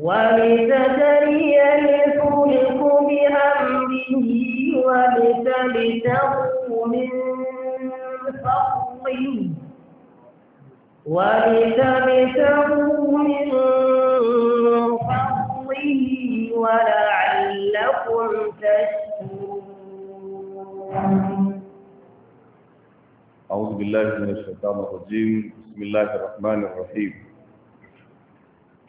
ولتجري الفلك بأمره ولتبتغوا من فضله ولتبتغوا من فضله ولعلكم تشكرون أعوذ بالله من الشيطان الرجيم بسم الله الرحمن الرحيم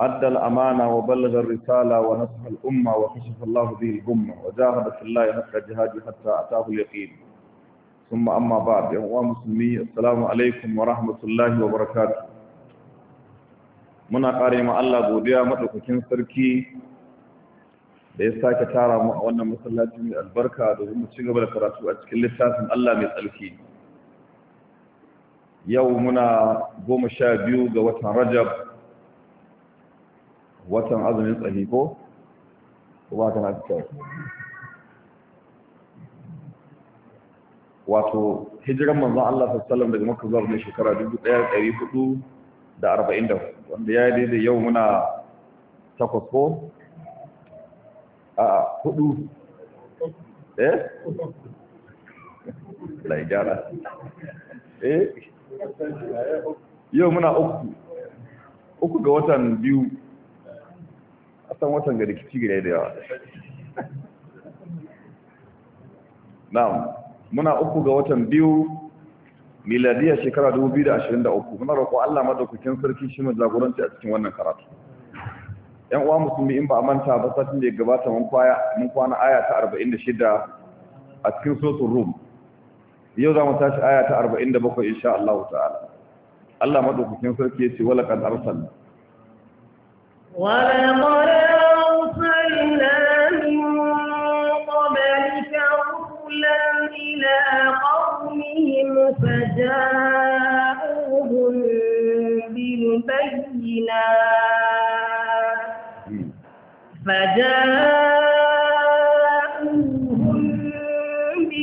أدى الأمانة وبلغ الرسالة ونصح الأمة وكشف الله به الأمة وجاهد في الله حتى جهاده حتى أتاه اليقين ثم أما بعد يا أخوان السلام عليكم ورحمة الله وبركاته muna ƙare ma Allah godiya maɗaukakin sarki da ya sake tara mu a wannan masallaci mai albarka domin mu ci gaba da karatu a cikin littafin Allah mai tsarki yau muna goma sha biyu ga watan Rajab watan azumin tsafi ko ba ta na cikin wato hijiran manzan Allah sassalam daga maka zuwa mai shekara 1440 wanda ya yi daidai yau muna takwas ko a hudu eh lai gara eh yau muna uku uku ga watan biyu a san watan ga rikici gida da yawa na muna uku ga watan biyu miladiyar shekara 2023 muna roƙo Allah madaukakin sarki shi mu jagoranci a cikin wannan karatu yan uwa musulmi in ba a manta ba satin da ya gabata mun kwana aya ta 46 a cikin sosun rum yau za mu tashi aya ta 47 insha Allah ta'ala Allah madaukakin sarki ya ce wala kan arsalna ولقد أرسلنا من قبلك رسلا إلى قومهم فجاءوهم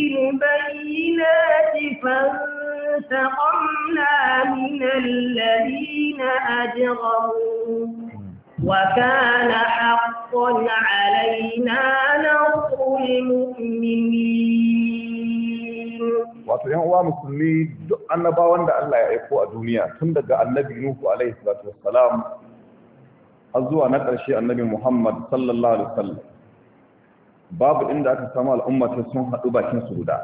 بالبينات فانتقمنا من الذين أجرموا وكان حقا علينا نصر المؤمنين wato ‘yan uwa musulmi duk annabawan da Allah ya aiko a duniya tun daga annabi Nuhu alaihi salatu wassalam har zuwa na ƙarshe annabi Muhammad sallallahu alaihi wasallam babu inda aka samu al'ummata sun haɗu bakin su guda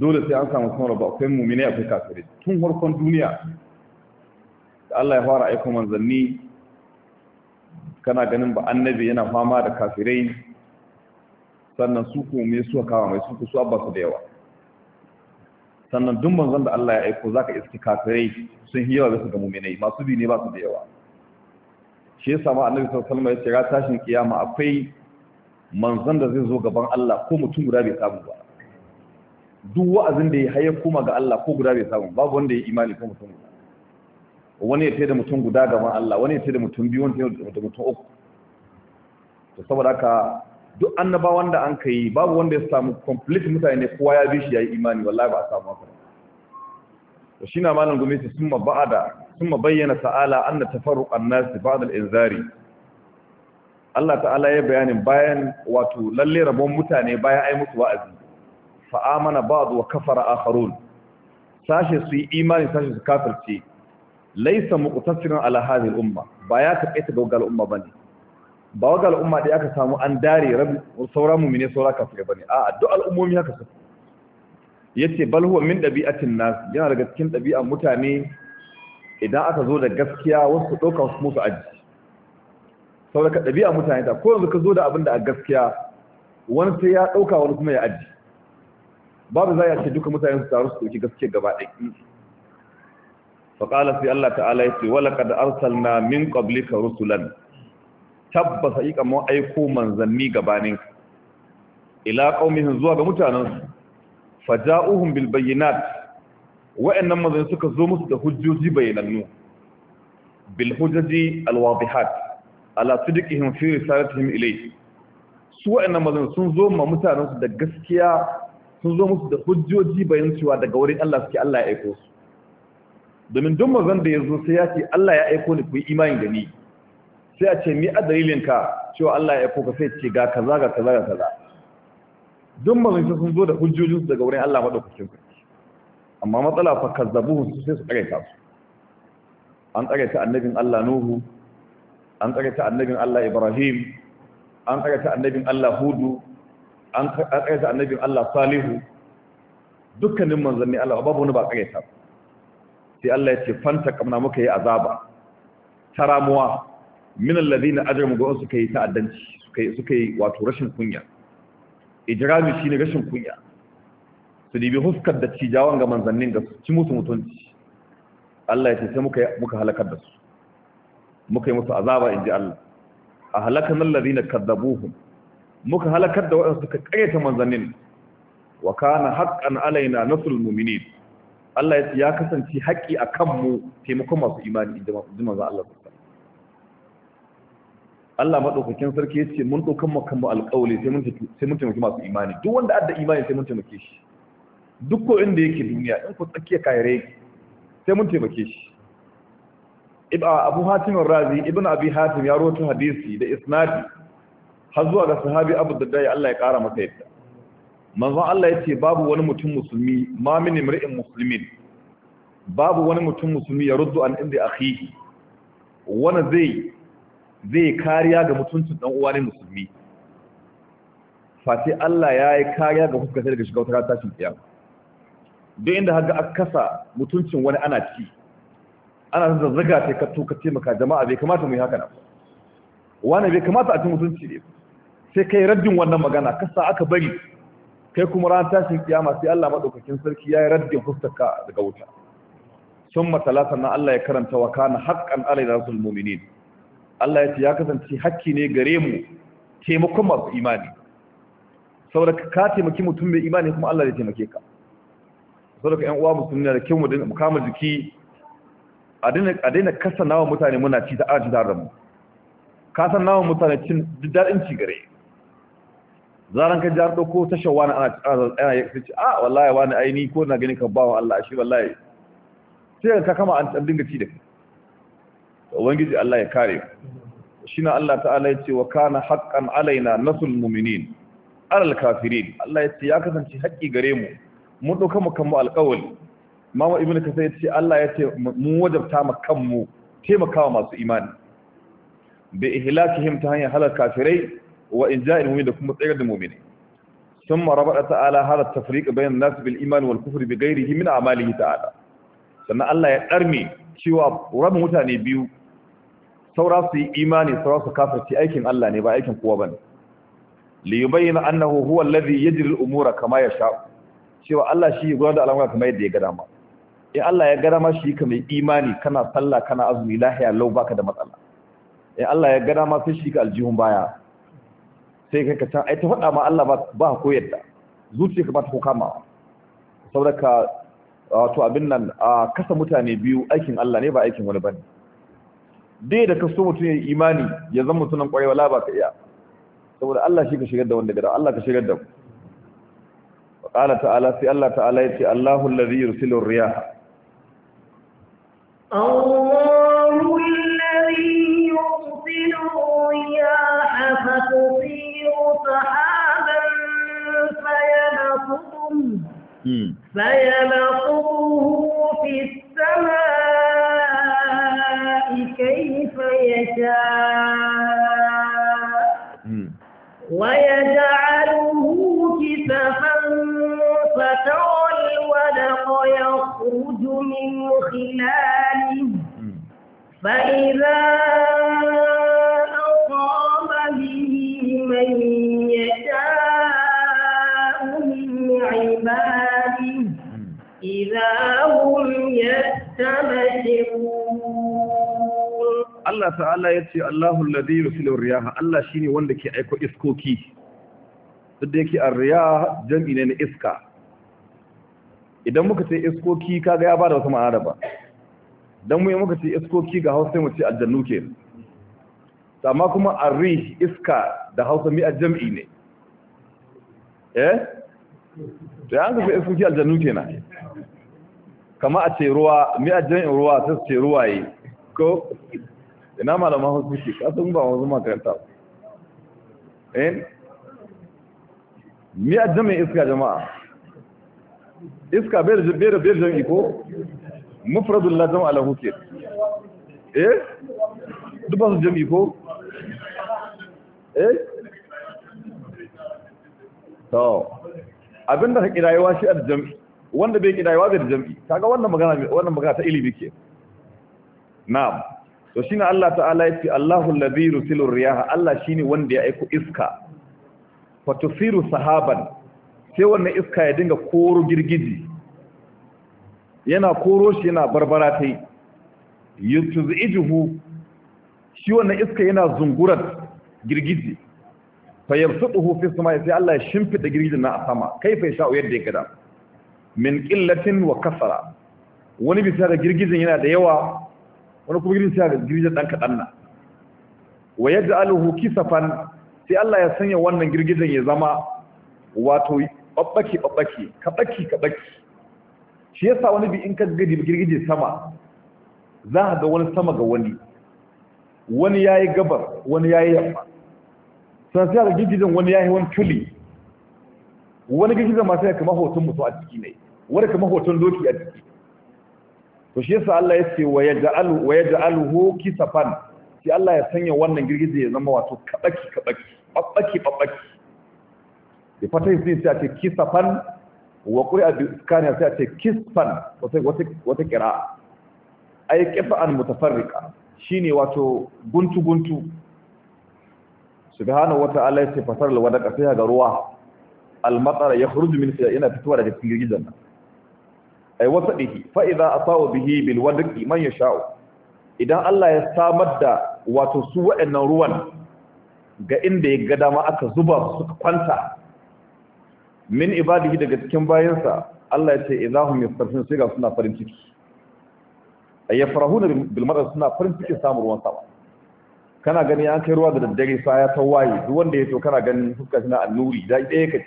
dole sai an samu sun rabu akwai mumine akwai kafiri tun farkon duniya da Allah ya fara aiko manzanni kana ganin ba annabi yana fama da kafirai sannan su ku me suka kama mai su ku su abba su da yawa sannan duk manzon da Allah ya aiko zaka iske kafirai sun yi da su ga mu'minai masu bi ne ba su da yawa shi yasa ma annabi sallallahu alaihi wasallam ya ce ra tashin kiyama akwai manzon da zai zo gaban Allah ko mutum guda bai samu ba duk wa'azin da ya haye kuma ga Allah ko guda bai samu babu wanda ya imani ko mutum guda wani ya taida mutum guda gaban Allah wani ya taida mutum biyu wani ya da mutum uku to saboda haka duk annaba wanda an kai babu wanda ya samu complete mutane kowa ya bi shi yayi imani wallahi ba a samu haka to shi na malam gumisi sun ma sun bayyana ta'ala anna tafarruq an-nas ba'da al-inzari Allah ta'ala ya bayanin bayan wato lalle rabon mutane bayan ai musu wa'azi fa amana ba'd wa kafara akharun sashe su yi imani sashe su kafirce laisa muqtasiran ala hadhihi al-umma ba ya taƙaita ga wagal umma bane ba wagal umma da aka samu an dare rabi saura mu'mine saura kafirai bane a duk al'ummomi haka su yace bal huwa min dabi'atin nas yana daga cikin dabi'an mutane idan aka zo da gaskiya wasu ɗauka su musu aji saboda ka ɗabi'a mutane ta ko yanzu ka zo da abin da a gaskiya wani sai ya ɗauka wani kuma ya aji babu za ya ce duka mutane su taru su ɗauki gaskiya gaba ɗaya faƙala sai Allah ta'ala ya ce walaka da arsalna min qablika rusulan tabbas haƙiƙa mun aiko manzanni gabanin ila qaumihim zuwa ga mutanansu faja'uhum bil bayyinat wa'annan manzanni suka zo musu da hujjoji bayyanannu bil hujjaji al wadihat ala sidqihim fi risalatihim ilayhi su wa'annan manzanni sun zo ma mutanansu da gaskiya sun zo musu da hujjoji bayan cewa daga wurin Allah suke Allah ya aiko su domin duk mazan da ya zo sai ya ce Allah ya aiko ni ku yi imani da ni sai a ce mi a dalilin ka cewa Allah ya aiko ka sai ce ga kaza ga kaza ga kaza duk mazan sai sun zo da hujjojin su daga wurin Allah madaukakin ku amma matsala fa kazzabuhu sai su tsare ka su an tsare ta annabin Allah Nuhu an tsare ta annabin Allah Ibrahim an tsare ta annabin Allah Hudu an tsare ta annabin Allah Salihu dukkanin manzanni Allah babu wani ba tsare ta su sai Allah ya ce fanta kamna muka yi azaba taramuwa min alladhina ajramu ga suka yi ta'addanci suka yi suka yi wato rashin kunya ijrami shine rashin kunya su dibi huskar da cijawan ga manzannin ga ci musu mutunci Allah ya ce sai muka muka halakar da su muka yi musu azaba inji Allah a halakan alladhina kadzabuhum muka halakar da waɗansu suka ƙaryata manzannin wa kana haqqan alaina nasrul mu'minin Allah ya ya kasance haƙƙi a kanmu taimakon masu imani zuma za Allah Allah maɗaukakin sarki ya ce mun ɗaukan mu kanmu alƙawli sai mun taimaki masu imani duk wanda adda imani sai mun taimake shi duk ko inda yake duniya in ku tsakiya kayare sai mun taimake shi ib'a abu hatim razi ibn abi hatim ya rawaito hadisi da isnadi har zuwa ga sahabi abu dadda Allah ya ƙara masa yadda manzon Allah yace babu wani mutum musulmi ma min imri'in muslimin babu wani mutum musulmi ya ruddu an inda akhihi wani zai zai kariya ga mutuncin dan uwa ne musulmi fati Allah ya yi kariya ga sai daga shiga wata tashin kiyama duk inda haka aka kasa mutuncin wani ana ci ana zazzaga sai ka to ka ce maka jama'a bai kamata mu yi haka na wani bai kamata a ci mutunci ne sai kai raddin wannan magana kasa aka bari kai kuma ran tashin kiyama sai Allah madaukakin sarki yayi raddin fuskarka daga wuta summa talatan Allah ya karanta wa kana haqqan alaina rasul mu'minin Allah ya ce ya kasance hakki ne gare mu taimakon masu imani saboda ka taimaki mutum mai imani kuma Allah ya taimake ka saboda ƴan uwa musulmi da kyau mu kama jiki a daina kasanawa mutane muna ci ta aji da mu ka san mutane cin daɗin ci gare zaran ka jar dauko tashar wani ana ana ya ce a ah, wallahi wani aini ko na ganin ka bawa Allah shi wallahi sai ka kama an dinga ci da kai ubangiji Allah ya kare shi na Allah ta'ala ya ce wa kana haqqan alaina nasul mu'minin alal kafirin Allah ya ce ya kasance haƙƙi gare mu mu dauka mu kanmu alƙawari mama ibnu kasai ya ce Allah ya ce mu wajabta mu kanmu taimakawa masu imani bi ihlakihim ta hanyar halal kafirai wa in ja'il mu'min da kuma tsayar da mu'mini thumma rabata ta'ala hada tafriq bayan nas bil iman wal kufri bi ghairihi min a'malihi ta'ala sannan Allah ya darme cewa rabin mutane biyu saura su yi imani saura su kafirci aikin Allah ne ba aikin kowa bane li yubayyana annahu huwa alladhi yajri al umura kama yasha cewa Allah shi ya gudanar da al'amura kamar yadda ya ga dama in Allah ya gada ma shi mai imani kana sallah kana azumi lahiya lau baka da matsala in Allah ya gada ma sai shi ka aljihun baya sai ka kata ai ta faɗa ma Allah ba ka koyar da zuciya ka ba ta kama saboda ka wato abin nan a kasa mutane biyu aikin Allah ne ba aikin wani bane dai da ka so mutum ya imani ya zama mutumin kwarewa la ba ka iya saboda Allah shi ka shigar da wanda gada Allah ka shigar da ku qala ta'ala sai Allah ta'ala yace Allahu allazi yursilu riyah Allahu allazi yursilu riyah سحابا في السماء كيف يشاء ويجعله كسفا فترى الودق يخرج من خلاله فإذا أصاب به من Allah Ta'ala ya ce, يتي الله الذي يرسل Allah shi ne wanda ke aiko iskoki duk da yake arriya jam'i ne na iska idan muka ce iskoki kaga ya bada wasu ma'ana ba dan mu muka ce iskoki ga Hausa mu ce aljannu ke amma kuma ri iska da Hausa mi jam'i ne eh to yanzu iskoki aljannu na. kama a ce ruwa mi a jan ruwa ta ce ruwaye ko ina malaman hausa suke kasan ba wanzu makaranta eh mi a jami'in iska jama'a iska bai da bai jami'i ko mufradun la jama'a lahu ke eh duk ba su ko eh to abinda ka kirayewa shi a jami'i wanda bai kidaya bai jam'i kaga wannan magana wannan magana ta ilimi ke na'am to shine Allah ta'ala ya Allahu allazi yursilu riyaha Allah shine wanda ya aika iska fa tusiru sahaban sai wannan iska ya dinga koro girgiji yana koro shi yana barbara tai yutuzijuhu shi wannan iska yana zungurar girgiji fa yabsutuhu fi samai sai Allah ya shimfida girgijin na a sama kaifa sha'u yadda ya gada min qillatin wa kasara wani bisa da girgizin yana da yawa wani kuma girgizin yana da girgizin dan kadan na wa yaj'aluhu kisafan sai Allah ya sanya wannan girgizin ya zama wato babbaki babbaki kabaki kabaki shi yasa wani bi in ka gadi girgije sama za ka ga wani sama ga wani wani yayi gabar wani yayi yamma sai sai ga girgizin wani yayi wani tuli wani girgizin ma sai kama hoton mutum a ciki ne wanda kamar hoton doki a jiki to shi yasa Allah ya ce wa yaj'alu hu yaj'aluhu kisafan sai Allah ya sanya wannan girgije ya zama wato kabaki kabaki babbaki babbaki da fata yin sai a ce kisafan wa qur'a bi iskaniya sai a ce kisfan wata wata wata qira'a ay qifan mutafarriqa shine wato guntu guntu subhanahu wata'ala ya ce fasar alwadaka sai ga ruwa almatara yakhruju min ina fitowa daga cikin girgijen nan ay wasadihi fa idza asaw bihi bil wadqi man yasha'u idan Allah ya samar da wato su waɗannan ruwan ga inda ya ga dama aka zuba su kwanta min ibadihi daga cikin bayansa Allah ya ce idza hum yastarfun sai ga suna farin ciki ay yafrahuna bil mar'a suna farin ciki samun ruwan sama kana gani an kai ruwa da daddare sa ya tawaye duk wanda ya to kana gani fuskar shi na annuri da ɗaya kace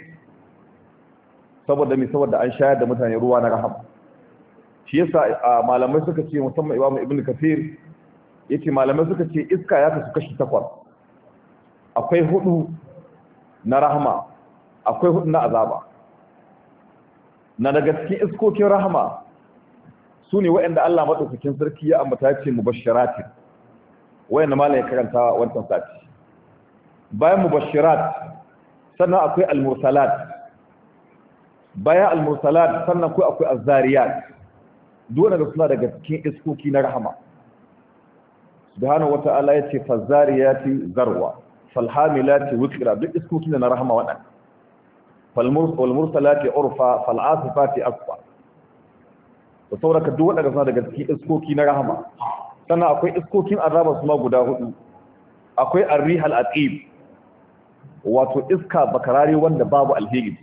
saboda mi saboda an shayar da mutane ruwa na rahama shi yasa malamai suka ce musamman imamu ibn kafir yace malamai suka ce iska ya kasu kashi takwas akwai hudu na rahama akwai hudu na azaba na daga cikin iskokin rahama su ne waɗanda Allah madaukakin sarki ya ambata ce mubashiratin waɗanda malam ya karanta wancan sati bayan mubashirat sannan akwai almursalat bayan almursalat sannan akwai akwai azzariyat dole da suna daga cikin iskoki na rahama subhanahu wata'ala yace fazariyati zarwa falhamilati wikra duk iskoki na rahama wadan falmursalati urfa falasifati asfa to sauraka duk wadanda suna daga cikin iskoki na rahama sannan akwai iskokin azaba suma guda hudu akwai arrihal aqib wato iska bakarare wanda babu alheri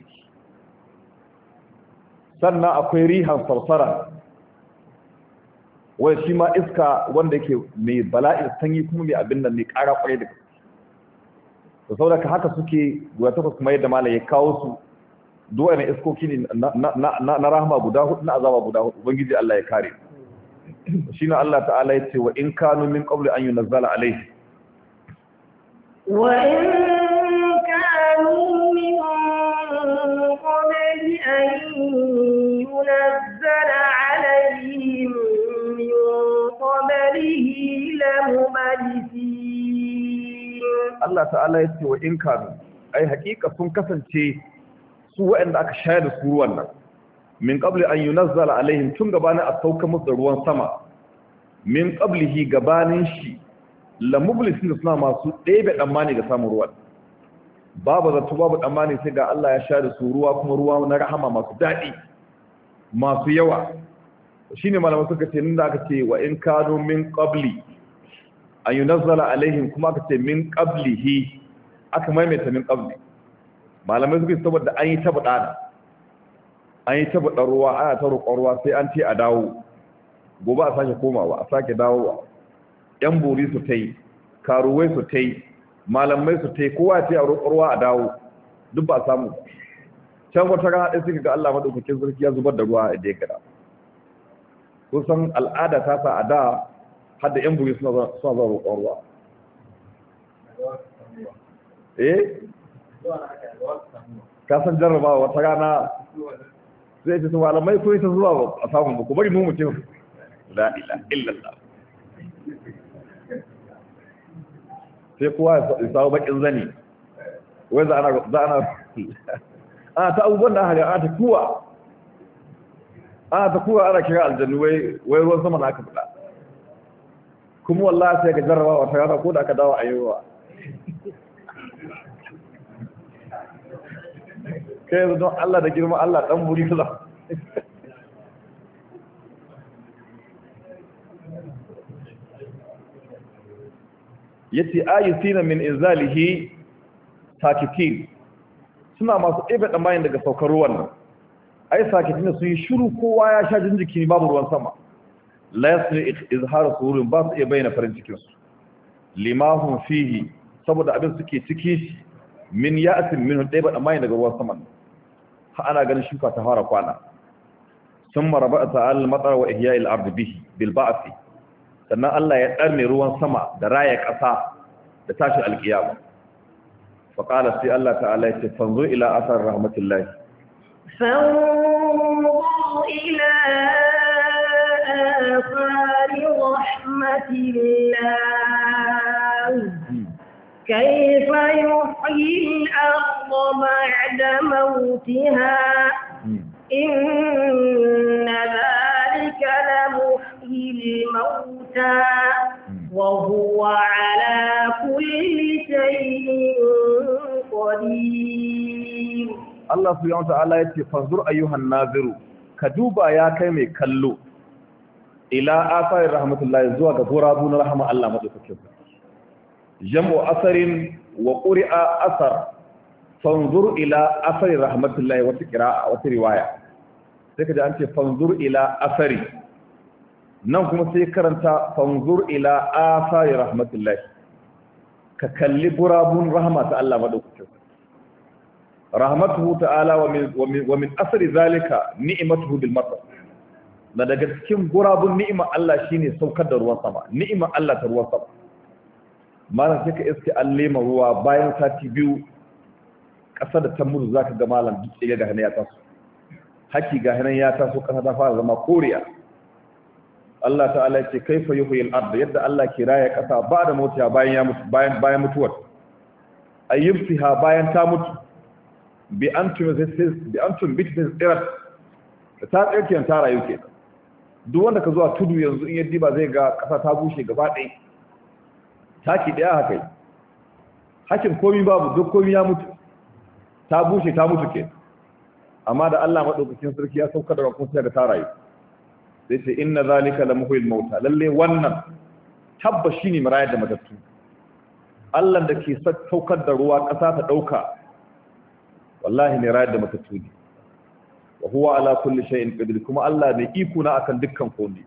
sannan akwai rihan sarsara wai shi ma iska wanda yake mai bala'in sanyi kuma mai abin da mai ƙara kwarai da to haka suke guda takwas kuma yadda malam ya kawo su duwa na iskoki ne na rahama guda hudu na azaba guda hudu ubangiji Allah ya kare shi na Allah ta'ala ya ce wa in kanu min qabli an yunzala alayhi wa in kanu min qabli an yunzala mumalisin Allah ta'ala yace wa in kan ai hakika sun kasance su waɗanda aka shayar da su ruwan nan min qabli an yunzala alaihim tun gabanin a sauka musu ruwan sama min qablihi gabanin shi la suna masu ɗebe damani ga samun ruwan babu zato babu damani sai ga Allah ya shayar da su ruwa kuma ruwa na rahama masu daɗi masu yawa shine malama suka ce nan da aka ce wa in kanu min qabli an yi nazala alaihim kuma aka ce min qablihi aka maimaita min qabli malamai suke saboda an yi taba da, an yi taba ruwa ana ta roƙon ruwa sai an ce a dawo gobe a sake komawa a sake dawowa yan buri su ta yi, karuwai su ta yi, malamai su ta yi, kowa ya ce a roƙon ruwa a dawo duk ba a samu can wata rana haɗe suka ga Allah madaukakin sarki ya zubar da ruwa da ya gada kusan al'ada ta sa a da Hadda 'yan bugi suna zuwa roƙon ruwa eh ka san jarrabawa wata rana zai fi su malamai ko yi ta zuwa a samun ku bari mu mutum la illallah sai kuwa ya samu bakin zani wai za ana a ta abubuwan da haka a ta kuwa a ta kuwa ana kira aljannu wai ruwan sama na aka fada kuma wallah sai ka jarraba wata rana ko da aka dawo a yiwuwa kai yanzu don Allah da girma Allah dan buri kula yace ayusina min inzalihi sakitin suna masu ɗebe ɗamayin daga saukar ruwan nan ai sakitin sun yi shiru kowa ya sha jinjiki babu ruwan sama la izhara su surun ba su iya bayyana farin ciki su limahum fihi saboda abin suke ciki min ya'sin minhu dai ba amma daga ruwan saman ha ana ganin shuka ta fara kwana thumma raba'a ta'ala al-matar wa ihya'il ard bihi bil ba'th sannan Allah ya ɗarne ruwan sama da raya kasa da tashi alkiyama fa sai Allah ta'ala ya ce fanzu ila asar rahmatillahi fanzu آثار رحمة الله كيف يحيي الأرض بعد موتها إن ذلك لمحيي الموتى وهو على كل شيء قدير الله سبحانه وتعالى يقول فانظر أيها الناظر كدوبا يا كيمي كلو ila asarin rahmatullahi zuwa ga turabu na rahama Allah madaukakin jam'u asarin wa ƙuri'a asar fanzur ila asarin rahmatullahi wata qira'a wata riwaya sai kaje an ce fanzur ila asari nan kuma sai karanta fanzur ila asarin rahmatullahi ka kalli gurabun rahama ta Allah madaukakin rahmatuhu ta'ala wa min wa min asri zalika ni'matuhu bil matar na daga cikin gurabun ni'ima Allah shine saukar da ruwan sama ni'ima Allah ta ruwan sama malam sai ka iske an lema ruwa bayan sati biyu ƙasa da ta za zaka ga malam duk ga hana ya taso haki ga hana ya taso ƙasa ta fara zama koriya Allah ta'ala ce kaifa yuhyil ard yadda Allah ke raya ƙasa ba da mutuwa bayan ya mutu bayan bayan mutuwar ayyibtiha bayan ta mutu bi antum bi antum bi tsirat ta tsirkiyar ta rayu kenan duk wanda ka zuwa tudu yanzu in yaddi ba zai ga ƙasa ta bushe gaba ɗaya taki ɗaya haka yi hakin komi babu duk komi ya mutu ta bushe ta mutu ke amma da Allah maɗaukakin sarki ya sauka da rakun sai ga ta rayu sai ce inna zalika la muhyil mauta lalle wannan tabba shine marayar da matattu Allah da ke saukar da ruwa ƙasa ta ɗauka wallahi ne rayar da matattu ne wa huwa ala kulli shay'in qadir kuma Allah ne iko na akan dukkan komai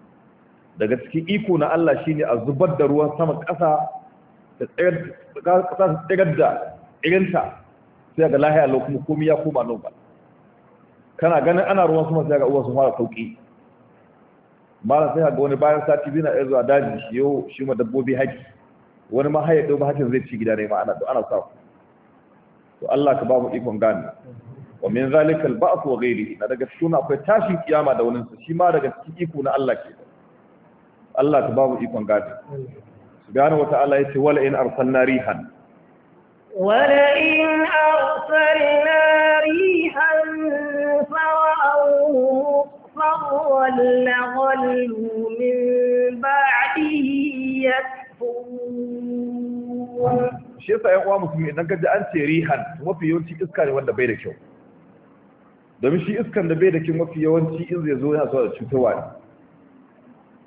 daga cikin iko na Allah shine a zubar da ruwan sama kasa da tsayar ƙasa tsayar da irinta sai ga lahiya lau kuma komai ya koma nan ba kana ganin ana ruwan sama sai ga uwa sun fara sauki mara sai ga wani bayan sati biyu na zo zuwa daji yau shi ma dabbobi haki. wani ma haye ɗau ba hakin zai ci gida ne ma ana ana sa to Allah ka ba mu ikon gane wa min zalika al-ba'th wa ghayrihi na daga cikin akwai tashin kiyama da wannan shi ma daga cikin iko na Allah ke Allah ta babu ikon gadi subhanahu wa ta'ala yace wala in arsalna rihan wala in arsalna rihan fara'u فَوَلَّغَلُّوا مِنْ بَعْدِهِ يَكْفُرُونَ shi yasa ƴan uwa musulmi idan ka ji an ce rihan mafi yawanci iska ne wanda bai da kyau domin shi iskan da bai da kin mafi yawanci in zai zo yana zuwa da cutarwa ne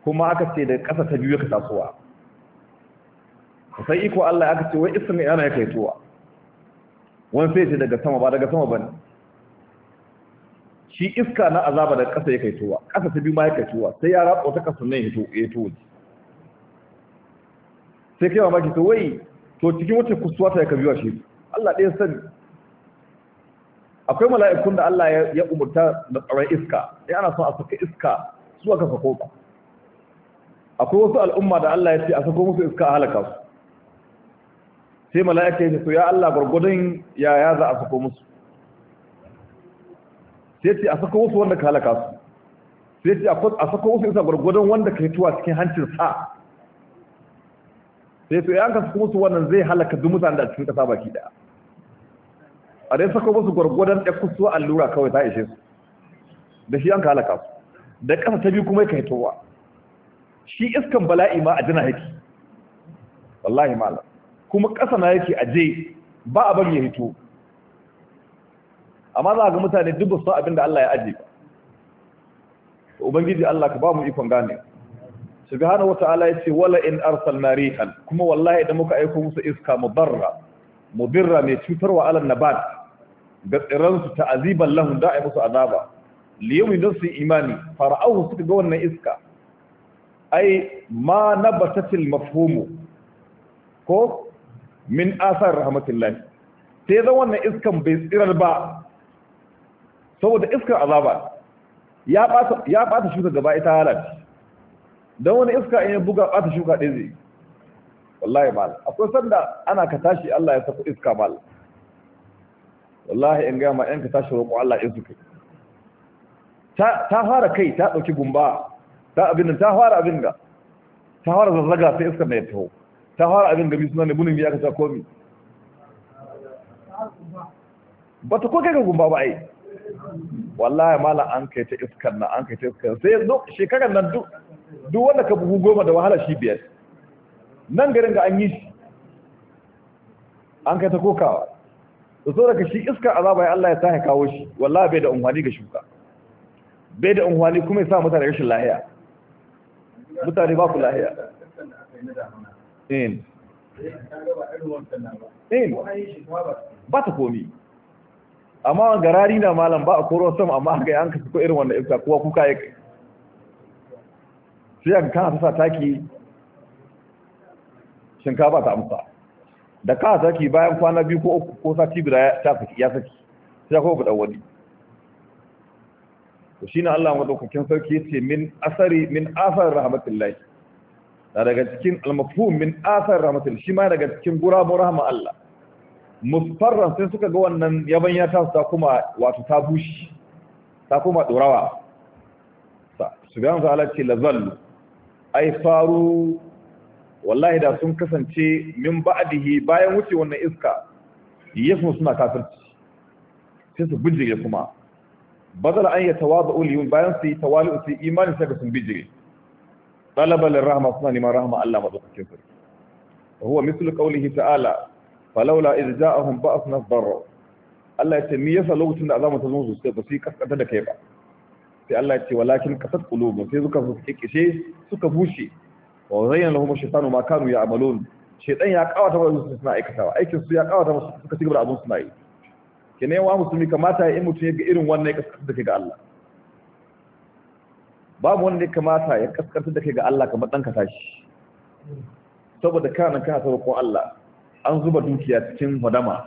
kuma aka ce da ƙasa ta biyu ka tasowa sai iko Allah aka ce wai iskan yana ya kai tuwa wani sai ce daga sama ba daga sama bane shi iska na azaba daga ƙasa ya kai tuwa ƙasa ta biyu ma ya kai tuwa sai ya ratsa wata ƙasa nan ya tuwo sai kai mamaki to wai to cikin wata kusuwa ta ya ka biyuwa shi Allah ɗaya sani akwai mala'ikun da Allah ya umurta da tsaron iska ya ana son a saka iska su aka sako ba akwai wasu al'umma da Allah ya ce a sako musu iska a halaka su sai mala'ika ya ce su ya Allah gwargwadon ya ya za a sako musu sai ce a sako musu wanda ka halaka su sai ce a sako musu iska gwargwadon wanda ka tuwa cikin hancin sa sai ce ya ka sako musu wannan zai halaka duk mutanen da cikin kasa baki daya a dai sako musu gwargwadon ɗan kusa allura kawai ta ishe su da shi an ka halaka su da ƙasa ta biyu kuma ka hitowa shi iskan bala'i ma a jina yake wallahi ma'ala. kuma ƙasa na yake a je ba a bari ya hito amma za a ga mutane duk ba su abin da Allah ya aje ba ubangiji Allah ka ba mu ikon gane subhanahu wata'ala yace wala in arsalna rihan kuma wallahi idan muka aika musu iska mudarra mudarra mai cutarwa alal nabat Gatsiransu ta ta'aziban lahun da a yi musu azaba li yawmi yi imani fara'ahu suka ga wannan iska ai ma na nabatatil mafhumu ko min asar rahmatillahi sai zan wannan iskan bai tsirar ba saboda iskar azaba ya bata ya shuka gaba ita halal don wani iska in ya buga bata shuka ɗaya zai wallahi mal akwai sanda ana ka tashi Allah ya sako iska mal wallahi in gama yanka tashi roƙo Allah in suke ta fara kai ta ɗauki gumba ta abin ta fara abin ga ta fara zazzaga sai iskar na ya taho ta fara abin gami suna ne bunin ya ka ta komi ba ta koke ga gumba ba ai wallahi mala an kai ta iskar na an kai ta iskar sai yanzu shekarar nan duk duk wanda ka bugu goma da wahala shi biyar nan garin ga an yi shi an kai ta kokawa da so daga shi iskar azaba ya Allah ya sa ya kawo shi wallahi bai da unhwani ga shuka bai da unhwani kuma ya sa mutane rashin lahiya mutane ba ku lahiya in ba ta komi amma garari na malam ba a koron sam amma haka an ka ko irin wannan iska kuwa kuka ya kai sai aka kana sa taki shinkafa ta amsa da ka saki bayan kwana biyu ko uku ko sati guda ya saki sai ko guda wani to shine Allah kin sarki yace min asari min asar rahmatillahi da daga cikin al-mafhum min asar rahmatullahi shi ma daga cikin mu rahma Allah mustarra sai suka ga wannan yaban ya ta kuma wato ta bushi ta kuma dorawa subhanahu wa ta'ala ce lazallu ay faru wallahi da sun kasance min ba'dihi bayan wuce wannan iska yasu suna kafirci sai su bijire kuma badal an yatawadu liyun bayan su yi tawali'u su imani sai sun bijire talaba lirrahma suna neman rahma Allah madaukakin sarki huwa mislu qawlihi ta'ala falawla idh ja'ahum ba'athna dharra Allah ya ce me yasa lokacin da azama ta zo su sai ba su kaskanta da kai ba sai Allah ya ce walakin kasat qulubu sai suka su kike suka bushe wa zayyana lahum shaytanu ma kanu ya'malun shaytan ya kawata musu suna aikatawa aikin su ya kawata musu suka cigaba da abun suna yi kene wa musulmi kamata yi mutum ya ga irin wannan ya kaskanta da ga Allah babu wanda ya kamata ya kaskanta da ga Allah kamar dan ka tashi saboda kana kana ko Allah an zuba dukiya cikin hodama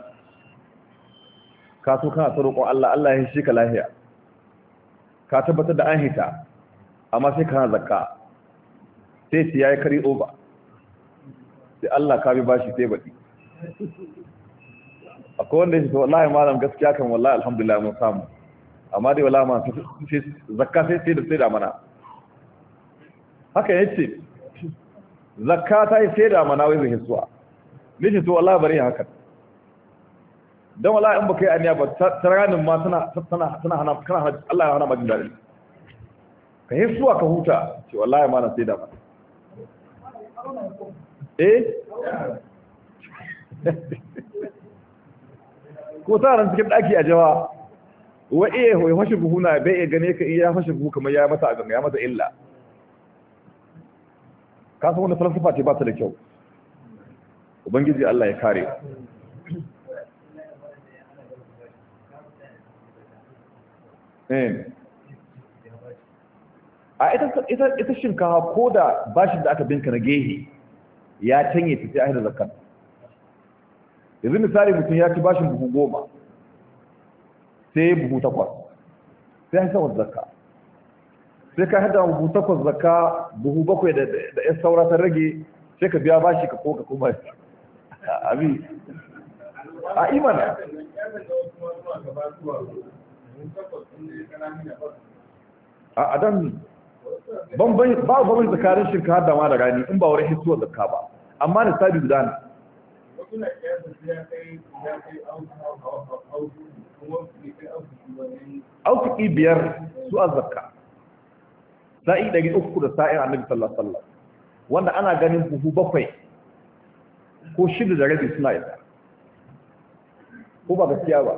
ka so ka kana ko Allah Allah ya shi ka lafiya ka tabbatar da an hita amma sai ka zakka sai ce ya yi kari over sai Allah ka bi bashi sai badi. akwai wanda shi wallahi malam gaskiya kan wallahi alhamdulillah mun samu amma dai wallahi ma zakka sai sai da sai da mana haka yace zakka ta yi sai da mana wai zai hisuwa nishi to wallahi bari haka dan wallahi in baka yi aniya ba taranin ma tana tana tana hana kana Allah ya hana majin dadi ka hisuwa ka huta ce wallahi na sai da mana eh ko sa ran cikin a jawa wa eh, iya ya fashe buhu na bai iya gane ka iya fashe buhu kamar ya mata a ya mata illa ka san wani falsafa ce ba ta da kyau ubangiji Allah ya kare eh a ita shinkawa ko da bashin da aka binka na gehe ya canye ta sai a hada zakar yanzu misali mutum ya ci bashin buhu goma sai buhu takwas sai haisa wasu zakka sai ka hada buhu takwas zakka buhu bakwai da ya saura ta rage sai ka biya bashi ka koka kuma abi a imana a adam ba ba wani tsakanin shirka har da da rani in ba wurin hisuwa zakka ba amma da sabi guda ne auki biyar su a zakka sa'i ɗari uku da sa'in annabi sallallahu alaihi wanda ana ganin buhu bakwai ko shida da rabi suna isa ko ba gaskiya ba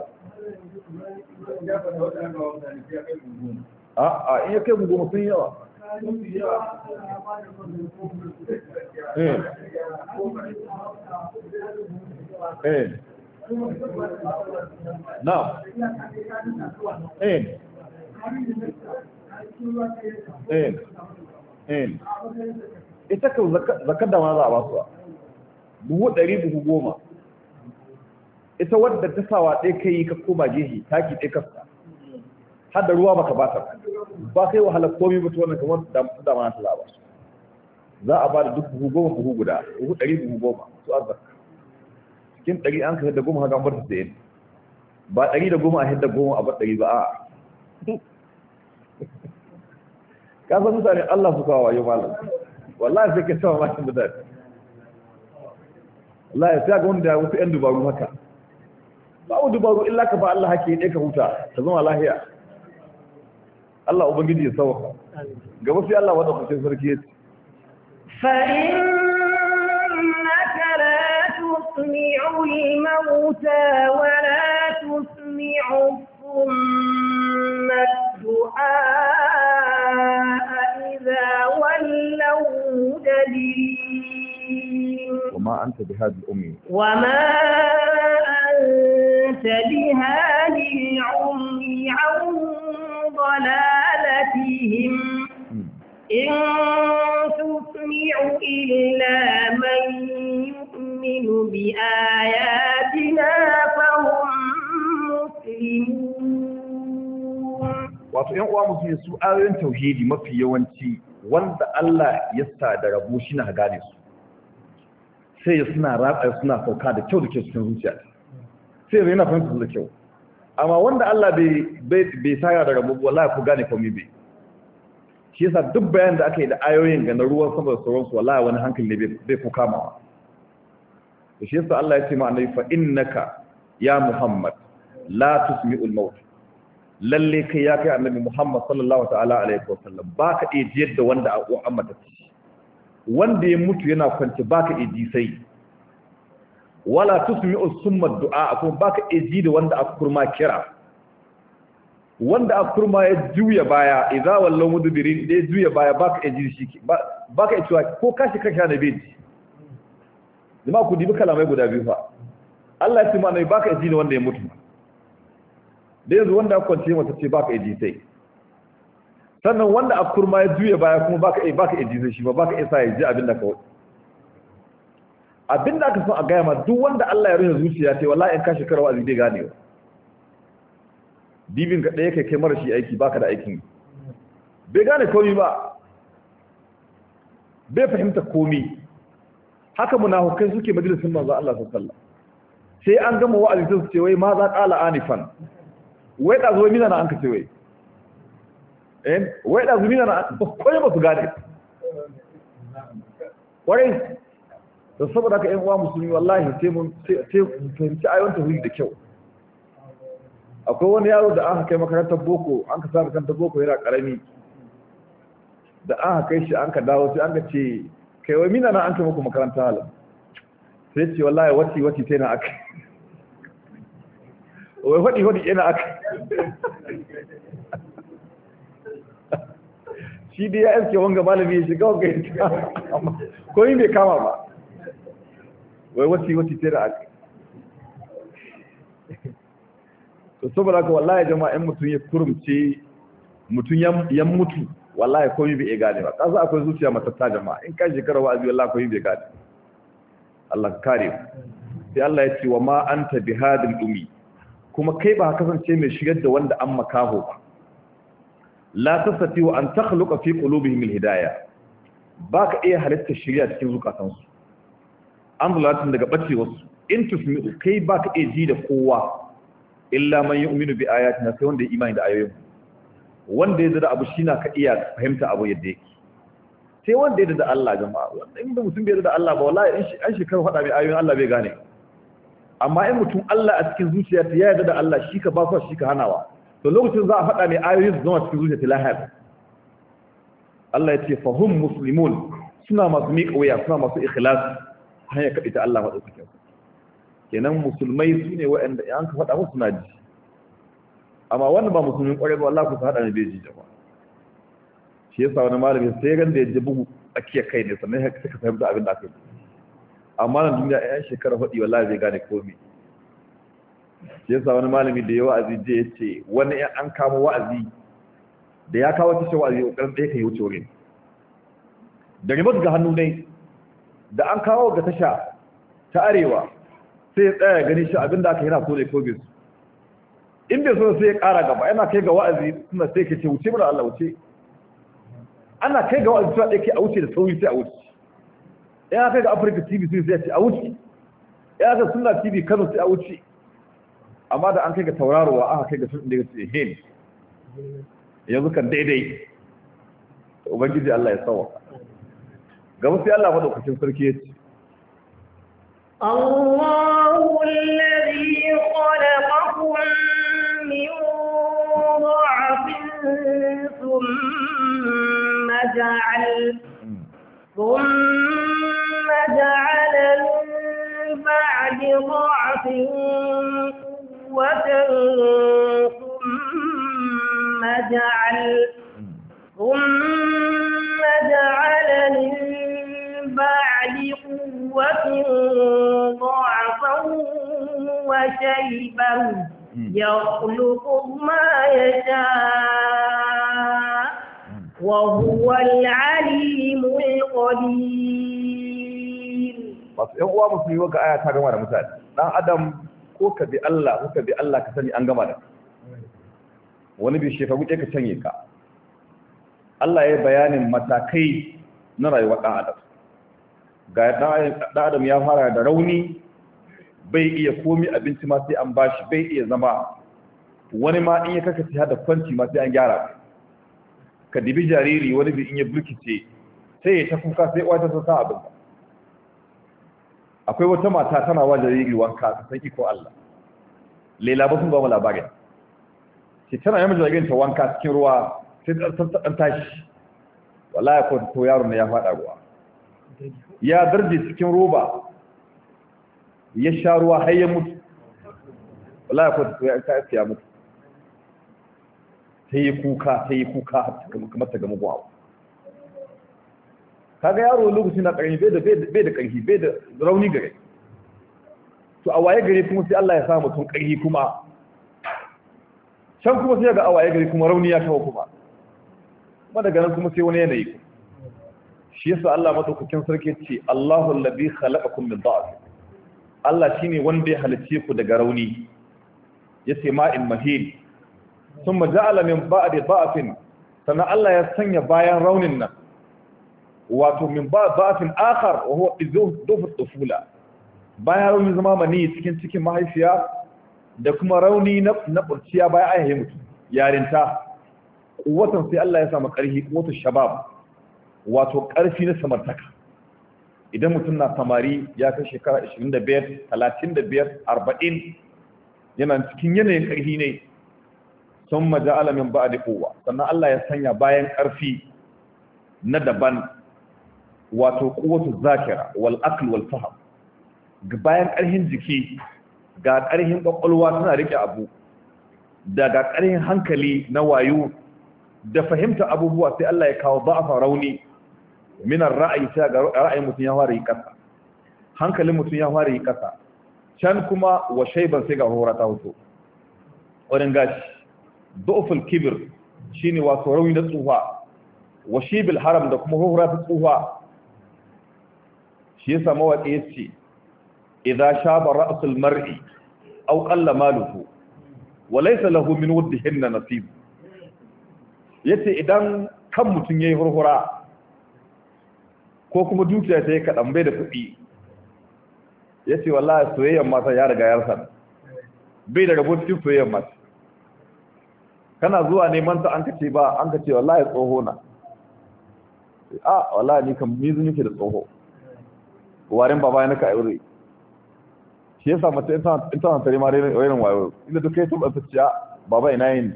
a'a in ya kai mu goma sun yawa eh. eh. na eh. ita kan zakar da ma za a ba ba buhu ɗari buhu goma ita wadda ta sawa ɗaya ka yi ka koma gehe taki ɗaya kasta har da ruwa baka bata ba kai wahala komai ba wannan kamar da da ma ta ba za a bada duk buhu goma buhu guda buhu ɗari buhu goma su azzaka cikin ɗari an ka da goma haka bar ta yin ba ɗari da goma a hidda goma a bar ɗari ba a ka san mutane Allah su kawo wayo malam wallahi sai ka tawa mashin da dadi wallahi sai ga wanda wasu ɗan dubaru haka ba dubaru illa ka ba Allah hake ne ka huta ka zama lahiya الله ubangiji ya sauka gaba sai Allah wadda kusa sarki فإنك لا تسمع الموتى ولا تسمع الصم الدعاء إذا ولوا مدبرين وما أنت بهذه الأمي وما أنت بهذه العمي عن ضلالتهم إن تسمع إلا من يؤمن بآياتنا فهم مسلمون wato ‘yan uwa musulmi su ayoyin tauhidi mafi yawanci wanda Allah ya sa da rabu shi na gane su sai ya suna ratsa suna sauka da kyau da kyau cikin zuciya sai yana fahimta da kyau amma wanda Allah bai tara da rabu wallahi ku gane komai bai shi yasa duk bayan da aka yi da ayoyin ga na ruwan sama da sauransu wallahi wani hankali ne bai ku kamawa to shi yasa Allah ya ce ma annabi fa innaka ya Muhammad la tusmi'ul maut lalle kai ya kai annabi Muhammad sallallahu ta'ala alaihi wasallam baka ejiyar da wanda a uwan wanda ya mutu yana kwance baka eji sai wala tusmi usumma du'a ko baka eji da wanda aka kurma kira wanda aka kurma ya juya baya idza wallo mudbirin da ya juya baya baka eji shi baka eji ko kashi kashi na beji jama'a ku dibi kalamai guda biyu fa Allah ya ce mana baka eji da wanda ya mutu da yanzu wanda aka kwance mata ce baka eji sai sannan wanda aka kurma ya juya baya kuma baka baka eji sai shi ba baka isa ya ji abin da ka wuce Abin da aka so a gaya ma duk wanda Allah ya rufe zuciya ta wallahi in ka shekara wa'azi zai gane wa bibin ka ɗaya kai kai mara shi aiki baka da aikin bai gane komai ba bai fahimta komai haka munafukai suke majalisin manzo Allah sallallahu alaihi wasallam sai an gama wa'azi sai su ce wai ma za kala anifan wai da zo mina na an ka ce wai eh wai da zo mina na ba koyi ba su gane da saboda haka ƴan uwa musulmi wallahi sai mun fahimci ayon tauhidi da kyau akwai wani yaro da aka kai makarantar boko an ka sa makarantar boko yana karami da aka kai shi an ka dawo sai an ka ce kai wai mina na an kai muku makaranta halin sai ce wallahi wati wati sai na aka wai wadi wadi yana aka shi dai ya iske wanga malami shi shiga wanga yi ko yi bai kama ba wai wasi wasi ce da aka to saboda ka wallahi jama'a in mutum ya kurumce mutum ya mutu wallahi komi bai gane ba kaza akwai zuciya matatta jama'a in kan shekara wa'azi wallahi komi bai gane Allah kare sai Allah ya ce wa ma anta hadin dumi? kuma kai ba kasance mai shigar da wanda an makaho ba la tasati wa an takhluqa fi qulubihim alhidayah baka iya halitta shiriya cikin zukatansu an zulatin daga wasu in tusmi'u kai ba ka iya ji da kowa illa man yi uminu bi na sai wanda ya imani da ayoyin wanda ya da abu shi na ka iya fahimta abu yadda yake sai wanda ya dada Allah jama'a wanda in mutum bai da Allah ba wala an shekaru faɗa mai ayoyin Allah bai gane amma in mutum Allah a cikin zuciya ta yarda da Allah shi ka ba su shi ka hanawa to lokacin za a faɗa mai ayoyin su zama cikin zuciya ta lahiyar Allah ya ce fahim muslimun suna masu miƙa wuya suna masu ikhlasi har kaɗi ta Allah maɗaukakin kenan musulmai su ne waɗanda yan ka faɗa musu naji amma wanda ba musulmin ƙwarai ba Allah ku sa haɗa ne beji da ba shi yasa wani malami sai ran da ya ji bugu tsakiyar kai ne sannan haka suka fahimta abin da aka yi amma nan duniya a yan shekara faɗi wa zai gane komi shi yasa wani malami da ya wa'azi je ya ce wani ya an kama wa'azi da ya kawo tashin wa'azi ya ƙoƙarin ɗaya ka yi wuce wurin da remote ga hannu ne da an kawo ga tasha ta arewa sai ya tsaya gani shi abinda aka yana so ne ko bai in bai so sai ya ƙara gaba yana kai ga wa'azi suna sai ke ce wuce mana Allah wuce ana kai ga wa'azi suna ɗaya ke a wuce da sauri sai a wuce yana kai ga Afirka TV sun sai ce a wuce yana kai suna TV Kano sai a wuce amma da an kai ga tauraruwa aka kai ga sun da ce hin yanzu kan daidai ubangiji Allah ya sauka. ga wasu Allah madaukakin sarki ya ce الله الذي خلقكم من ضعف ثم جعل ثم جعل من بعد ضعف قوة ثم جعل ثم ذي قوة ضعفا وشيبا يخلق ما يشاء وهو العليم القدير بس ‘yan هو مسلم waka آية ta gama da mutane ɗan adam ko ka bi Allah ko ka bi Allah wani bai shekaru ɗaya ka canye ka Allah ya yi bayanin matakai na rayuwar ɗan adam ga ɗan adam ya fara da rauni bai iya komi abinci ma sai an bashi bai iya zama wani ma in ya kakace hada kwanci ma sai an gyara ka dibi jariri wani bi in ya burkice sai ya tafuka sai wata ta san sa abin akwai wata mata tana wa jariri wanka ta san iko Allah lela ba sun ba mu labarin ki tana yamma jariri ta wanka cikin ruwa sai ta tashi wallahi ko to yaro ne ya fada ruwa ya darje cikin roba ya sha ruwa har ya mutu wallahi ko ta ta ya mutu sai yi kuka sai yi kuka kamar ta gama gwawo kaga yaro lokacin na karfi bai da bai da karfi bai da rauni gare to a waye gare kuma sai Allah ya sa tun karfi kuma can kuma sai ga a waye gare kuma rauni ya kawo kuma kuma daga nan kuma sai wani yanayi kuma shi yasa Allah madaukakin sarki ce Allahu allazi khalaqakum min da'f Allah shine wanda ya halice ku daga rauni yace ma in mahil thumma ja'ala min ba'di da'fin sannan Allah ya sanya bayan raunin nan wato min ba'dhin akhar wa huwa idhufu tufula bayan rauni zama mani cikin cikin mahaifiya da kuma rauni na na kurciya bayan aihe mutu yarinta kuwatan sai Allah ya samu karhi kuwatu shabab wato ƙarfi na samartaka idan mutum na samari ya kai shekara 25 35 40 yana cikin yanayin ƙarfi ne sun maja alamin ba a kowa sannan Allah ya sanya bayan ƙarfi na daban wato ƙuwatu zakira wal akl wal faham bayan ƙarfin jiki ga ƙarfin ƙwaƙwalwa tana riƙe abu daga ƙarfin hankali na wayo da fahimta abubuwa sai Allah ya kawo ba'a rauni Minan ra'ayi ta ga ra'ayin mutum ya fara yi kasa hankalin mutum ya fara yi kasa can kuma wa shayban sai ga hora ta hoto wurin gashi du'ful kibir shine wato rauni da tsufa wa shibil haram da kuma hora ta tsufa shi yasa mawaki yace idza shaba ra'sul mar'i aw qalla maluhu wa laysa lahu min wuddihinna nasib yace idan kan mutum yayi hurhura ko kuma dukiya ta yi kaɗan bai da kuɗi ya ce wallahi soyayyar mata ya riga yarsa bai da rabo cikin soyayyar mata kana zuwa neman ta an kace ba an kace wallahi tsoho na a wallahi ni kam mizu nake da tsoho warin baba yana ka aure shi yasa mace ita ita tare ma rairin wayo inda duk kai tuba tsiya baba ina yin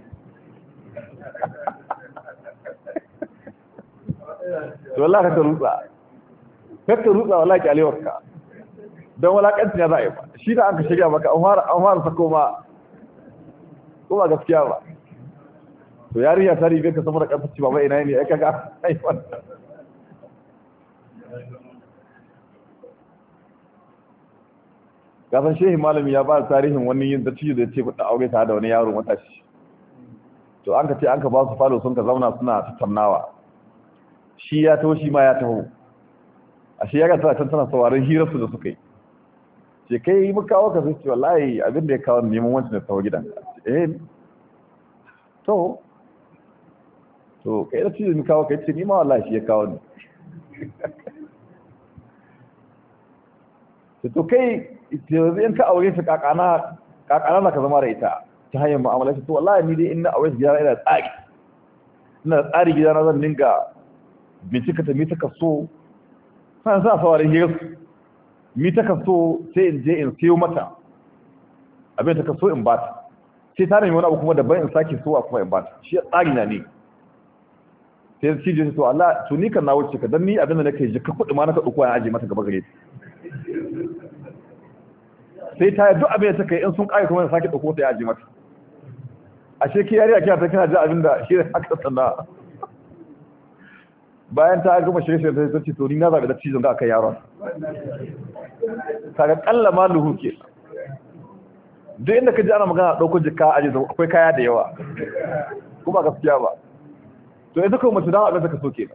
to wallahi ka rutsa kakka rutsa wala laki alewarka don walakanci ya za a yi ba shi da an ka shirya maka an fara sako ma kuma gaskiya ba to yariya ta ribe ka da ƙarfaci ba na ina ne ya kaga haifar wannan gasan shehi malami ya ba tarihin wani yin zarci da ya ce kuɗa aure tare da wani yaro matashi to an ka ce an ka ba su falo sun ka zauna suna tattarnawa shi ya taho shi ma ya taho ashe ya gata can tana sauraron hirar su da suka yi ce kai yi muka kawo ka sai ce wallahi abin da ya kawo neman wancan da tawo gidan eh to to kai da cikin kawo kai ce ni ma wallahi shi ya kawo ni to kai yanzu in ka aure shi kakana kakana na ka zama da ita ta hanyar mu'amala to wallahi ni dai ina aure shi gidana ina tsari ina tsari gidana zan dinga bincika ta mita ta so san sa fawarin hirsu mi ta so sai in je in siyo mata abin ta so in ta. sai ta nemi wani abu kuma daban in sake a kuma in ba ta, shi tsari na ne sai shi je to Allah to ni kan na wuce ka dan ni abin da nake ji ka kudi ma naka dauko a aje mata gaba gare ta sai ta yi duk abin da take in sun kare kuma in sake dauko sai aje mata ashe ke yariya kina ta kina ji abin da shi haka sannan bayan ta gama shirye shirye ta ce to ni na zaɓi da cizon da aka yaron kaga kalla ma luhu ke duk inda ka ji ana magana ɗauko jika a jizo akwai kaya da yawa kuma gaskiya ba to yanzu kuma mace dama abin da ka soke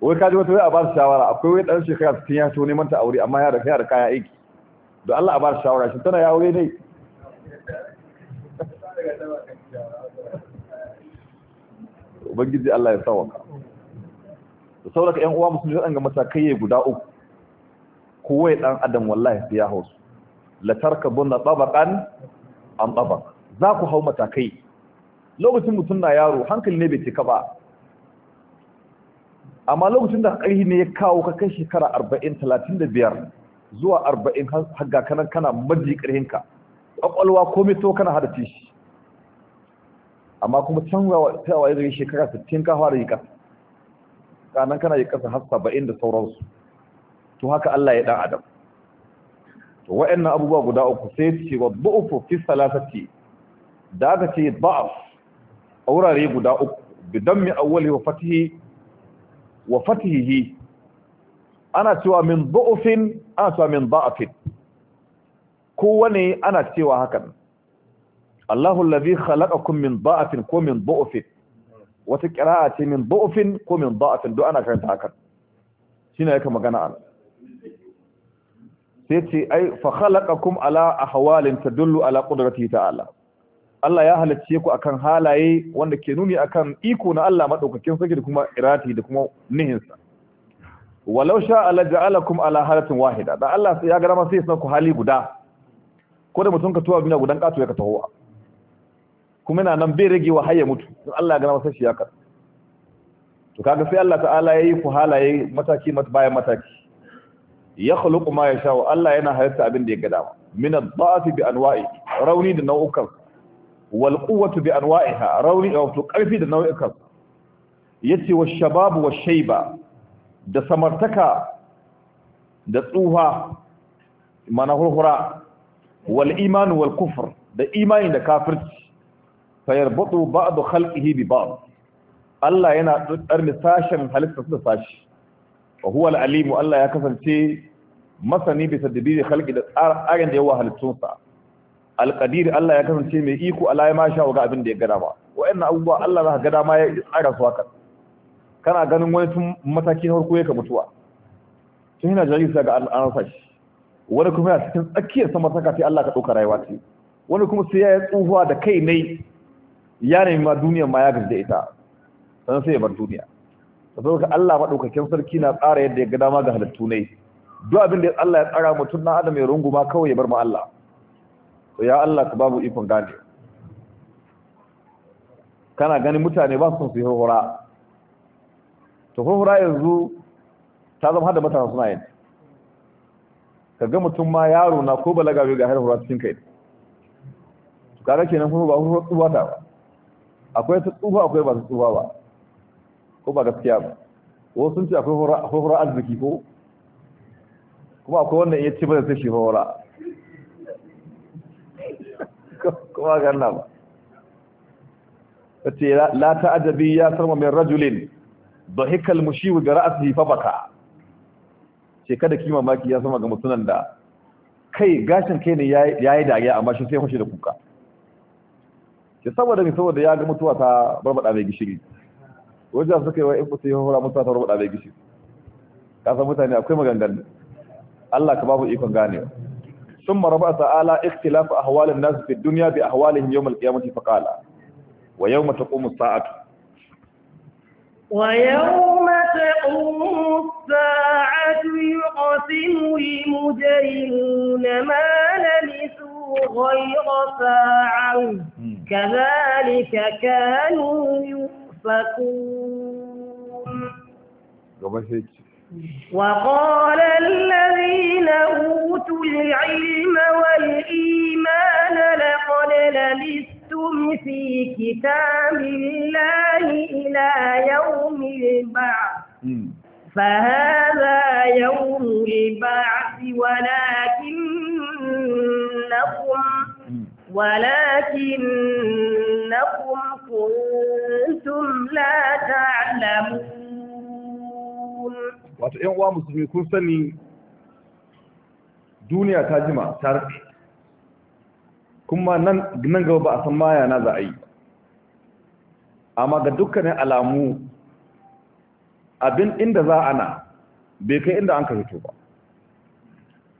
wai kaji wata wai a ba shawara akwai wai ɗan shekara cikin ya so neman ta aure amma ya da kaya da kaya aiki don Allah a ba shawara shi tana ya aure ne ubangiji Allah ya sawaka da sauraka yan uwa musulmi waɗanda matakai ya guda uku kowai ɗan adam wallahi su ya hausu latarka bunna tsabakan an tsabak za ku hau matakai lokacin mutum na yaro hankali ne bai cika ba amma lokacin da ƙarfi ne ya kawo ka kai shekara arba'in talatin da biyar zuwa arba'in hagga kanan kana maji ƙarfinka ƙwaƙwalwa komai to kana hada shi amma kuma canzawa ta waye zai shekara sittin ka fara yi ƙasa kanan kana yi kasa har saba'in da sauransu to haka Allah ya dan adam to wa'annan abubuwa guda uku sai ce wa du'ufu fi salasati da ka ce ba'af a wurare guda uku bidan mi awwali wa fatihi wa fatihihi ana cewa min du'ufin ana cewa min ko kowane ana cewa hakan Allahu allazi khalaqakum min da'afin ko min du'ufin wata ƙira'a ce min ba'ufin ko min ba'afin duk ana karanta hakan shi ne yaka magana a sai ce ai fa khalaqakum ala ahwalin tadullu ala qudratihi ta'ala Allah ya halicce ku akan halaye wanda ke nuni akan iko na Allah madaukakin sarki da kuma irati da kuma nihinsa walau sha Allah ja'alakum ala halatin wahida da Allah sai ya ga ma sai ya saku hali guda ko da mutum ka tuwa duniya gudan katuwa ka tahowa kuma na nan bai rage wa har mutu don Allah ya gana masa shi ya kar to kaga sai Allah ta'ala yayi ku halaye mataki bayan mataki ya khluqu ma yasha wa Allah yana halitta abin da ya gada min ad bi anwa'i rauni da nau'ukan wal quwwatu bi anwa'iha rauni wato karfi da nau'ukan yace wa shababu wa shayba da samartaka da tsuha mana hurhura wal iman wal kufr da imani da kafirci fayarbatu ba'du khalqihi bi ba'd Allah yana duddar sashen halitta su sashi wa huwa al-alim Allah ya kasance masani bi tadbiri khalqi da tsarin da yawa halittunsa al-qadir Allah ya kasance mai iko ala ma sha ga abin da ya gada ba inna abubuwa Allah zaka gada ma ya tsara su haka kana ganin wani tun mataki na farko yake mutuwa shin yana jariri sai ga an sashi wani kuma yana cikin tsakiyar sama saka sai Allah ka dauka rayuwa ce wani kuma sai ya tsufa da kai ne ya nemi ma duniyar ma ya gaji da ita sannan sai ya bar duniya saboda Allah maɗaukakin sarki na tsara yadda ya ga dama ga halittu ne duk abin da Allah ya tsara mutum na adam ya runguma kawai ya bar ma Allah to ya Allah ka babu ikon gane kana ganin mutane ba su yi hura to hura yanzu ta zama hada matasa suna yin ka ga mutum ma yaro na ko balaga bai ga har hura cikin kai to kaga kenan kuma ba hura tsuwa ta ba akwai su tsufa akwai ba su tsufa ba ko ba gaskiya ba wasu sun ce akwai hura arziki ko kuma akwai wannan iya ci bada sai shi hura kuma ga nan ba ce la ta'ajabi ya sarma min rajulin dhahikal mushiw ga ra'asi fa baka ce kada kima maki ya sama ga mutunan da kai gashin kai ne yayi dariya amma shi sai hushe da kuka ke saboda mai saboda ya ga mutuwa ta barbada mai gishiri wajen suka yi wa in kusa yi hura mutuwa ta barbada mai gishiri kasan mutane akwai maganganu Allah ka babu ikon ganewa sun maraba ta'ala ikhtilafu ahwalin nasu fi dunya bi ahwalihim yawmal qiyamati faqala wa yawma taqumu sa'atu ويوم تقوم الساعة يقسم المجرمون ما لبثوا غير فاعل كذلك كانوا يؤفكون وقال الذين أوتوا العلم والإيمان لقد لبثتم في كتاب الله إلى يوم البعث فهذا يوم البعث ولكن ولكنكم ولكنكم كنتم لا تعلمون wato ƴan uwa musulmi kun sani duniya ta jima ta rufe kuma nan gaba ba a san maya na za a yi amma ga dukkanin alamu abin inda za a na bai kai inda an ka fito ba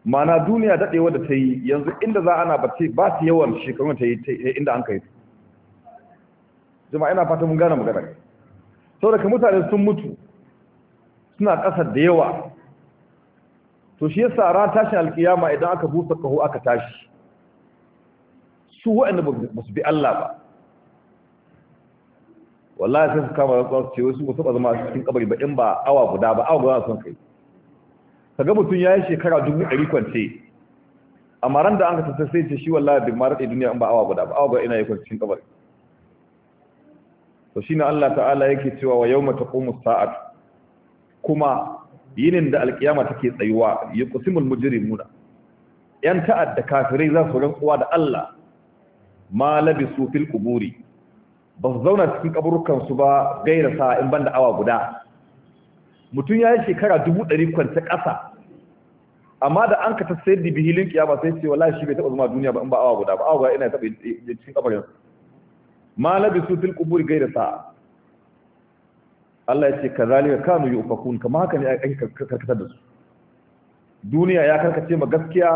mana duniya dadewa da ta yi yanzu inda za ana bace ba ta yawan shekarun ta yi inda an kai jama'a ina fata mun gane magana ka mutane sun mutu suna ƙasar da yawa to shi yasa ran tashin alkiyama idan aka busa kaho aka tashi su wa'anda ba su bi Allah ba wallahi sai su kama tsawon su ce wasu ba zama cikin kabari ba in ba awa guda ba awa guda sun kai kaga mutum ya yi shekara dubu ɗari kwance amma ran da an ka tattar sai ce shi wallahi duk mara ɗaya duniya in ba awa guda ba awa guda ina yi kwanciyar kabar to shi na Allah ta'ala yake cewa wa yau mata ƙumus sa'ad kuma yinin da alƙiyama take tsayuwa ya kusimul muna ‘yan ta'adda kafirai za su uwa da Allah ma su fil kuburi ba su zauna cikin kaburukansu ba gaira sa'a in ban da awa guda mutum ya yi shekara dubu ɗari kwanta ƙasa amma da an ka ta da bihilin kiyama sai ce wallahi shi bai taɓa zama duniya ba in ba awa guda ba awa guda ina taɓa cikin kafarin ma na bisu fil gai gaira sa Allah ya ce ka zalika kanu yufakun kama haka ne an karkatar da su duniya ya karkace ma gaskiya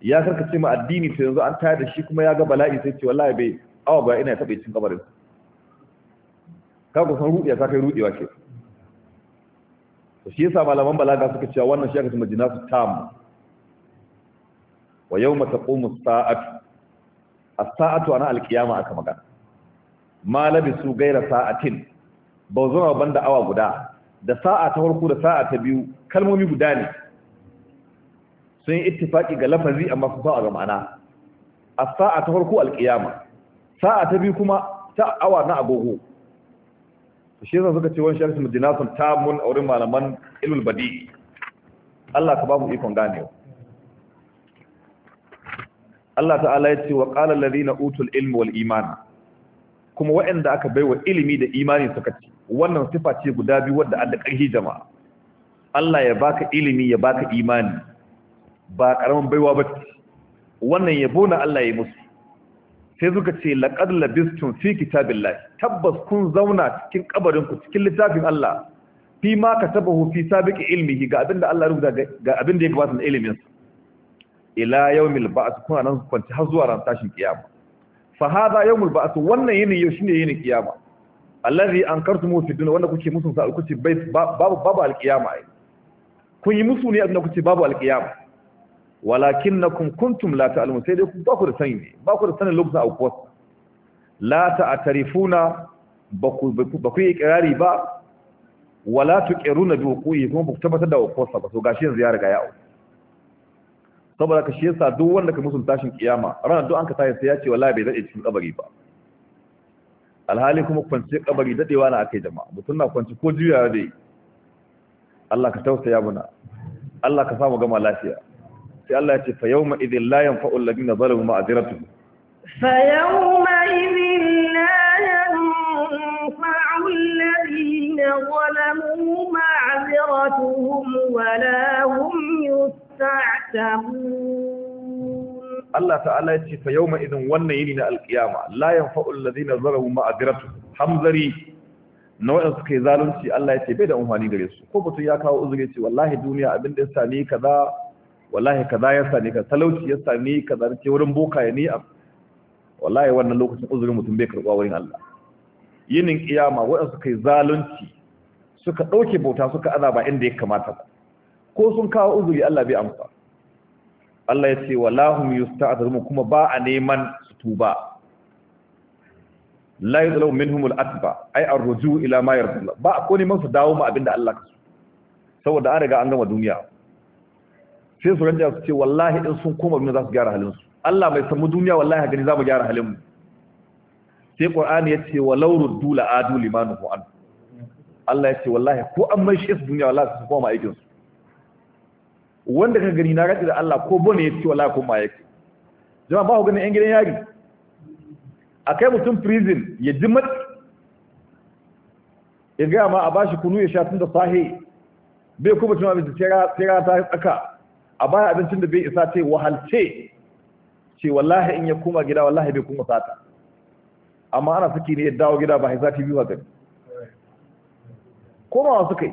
ya karkace ma addini sai yanzu an tayar da shi kuma ya ga bala'i sai ce wallahi bai awa guda ina taɓa cikin kafarin ka kaga san ruɗiya ta kai ruɗewa ke to shi yasa malaman balaga suka cewa wannan shi aka ce majinasu tam wa yawma taqumu as-sa'atu as-sa'atu ana al aka magana ma labisu gaira sa'atin ba zuwa banda awa guda da sa'a ta farko da sa'a ta biyu kalmomi guda ne sun yi ittifaki ga lafazi amma su sa'a ga ma'ana as-sa'a ta farko al sa'a ta biyu kuma ta awa na agogo shi yasa suka ce wani sharhi mujinatun tamun a wurin malaman ilul badi Allah ka ba mu ikon ganewa Allah ta'ala ya ce wa qala alladhina utul ilma wal iman kuma waɗanda aka baiwa ilimi da imani suka ce wannan sifa ce guda biyu wadda adda ƙarfi jama'a Allah ya baka ilimi ya baka imani ba karamin baiwa ba wannan yabo na Allah ya yi musu sai suka ce laqad labistum fi kitabillahi tabbas kun zauna cikin kabarin ku cikin littafin Allah fi ma katabahu fi sabiqi ilmihi ga abinda Allah rubuta ga abinda ya gabata na ilimin ila yawmil ba'th kuna nan kwanci har zuwa ran tashin kiyama fa hadha yawmul ba'th wannan yini yau shine yini kiyama allazi ankartumu fi dunya wanda kuke musu sa kuce babu babu alkiyama kun yi musu ne abinda kuce babu alƙiyama. kun kuntum la ta'lamun sai dai ba ku da sani ne ba ku da sanin lokacin kuwa la tarifuna ba ku yi kirari ba wala biyu ku yi kuma ba ku tabbatar da kuwa ba to gashi yanzu ya riga ya auku saboda ka shi yasa duk wanda ka musu tashin kiyama ranar duk an ka tayi sai ya ce wala bai daɗe cikin kabari ba alhali kuma kwanci kabari dadewa na yi jama'a mutum na kwanci ko juya dai Allah ka tausaya muna Allah ka samu gama lafiya sai Allah ya ce fa yawma idhil la yanfa'u alladhina zalamu ma'aziratuhum fa yawma idhil la yanfa'u alladhina zalamu ma'aziratuhum wa la hum yusta'tabun Allah ta'ala ya ce fa yawma idhin wannan yini na alqiyama la yanfa'u alladhina zalamu ma'aziratuhum hamzari na waɗansu suka zalunci Allah ya ce bai da amfani gare su ko mutum ya kawo uzuri ya ce wallahi duniya abin da ya sami kaza wallahi kaza ya sani ka talauci ya sani ka zarce wurin boka ya ni wallahi wannan lokacin uzurin mutum bai karɓa wurin Allah yinin kiyama waɗanda suka yi zalunci suka ɗauke bauta suka ana ba inda ya kamata ba ko sun kawo uzuri Allah bai amsa Allah ya ce wallahum yusta'dhamu kuma ba a neman su tuba la yuzlu minhumul atba ay arruju ila ma yarda ba ko neman su dawo ma abinda Allah ka so saboda an riga an gama duniya sai su ranta su ce wallahi in sun koma duniya za su gyara halin su Allah mai samu duniya wallahi a gani za mu gyara halin mu sai Qur'ani ya ce walau ruddu dule adu limanuhu an Allah ya ce wallahi ko an mai shi su duniya wallahi su koma aikin su wanda ka gani na rantsi da Allah ko bone ya ce wallahi ko ma yake jama'a ba ku ganin yan gidan yari akai mutum prison ya ji mat ya ga ma a bashi kunu ya sha tun da sahi bai kuma tuna bi tsira tsira ta tsaka a baya abincin da bai isa ce wahalce ce wallahi in ya koma gida wallahi bai kuma sata amma ana saki ne ya dawo gida ba haisa biyu a gani komawa suka yi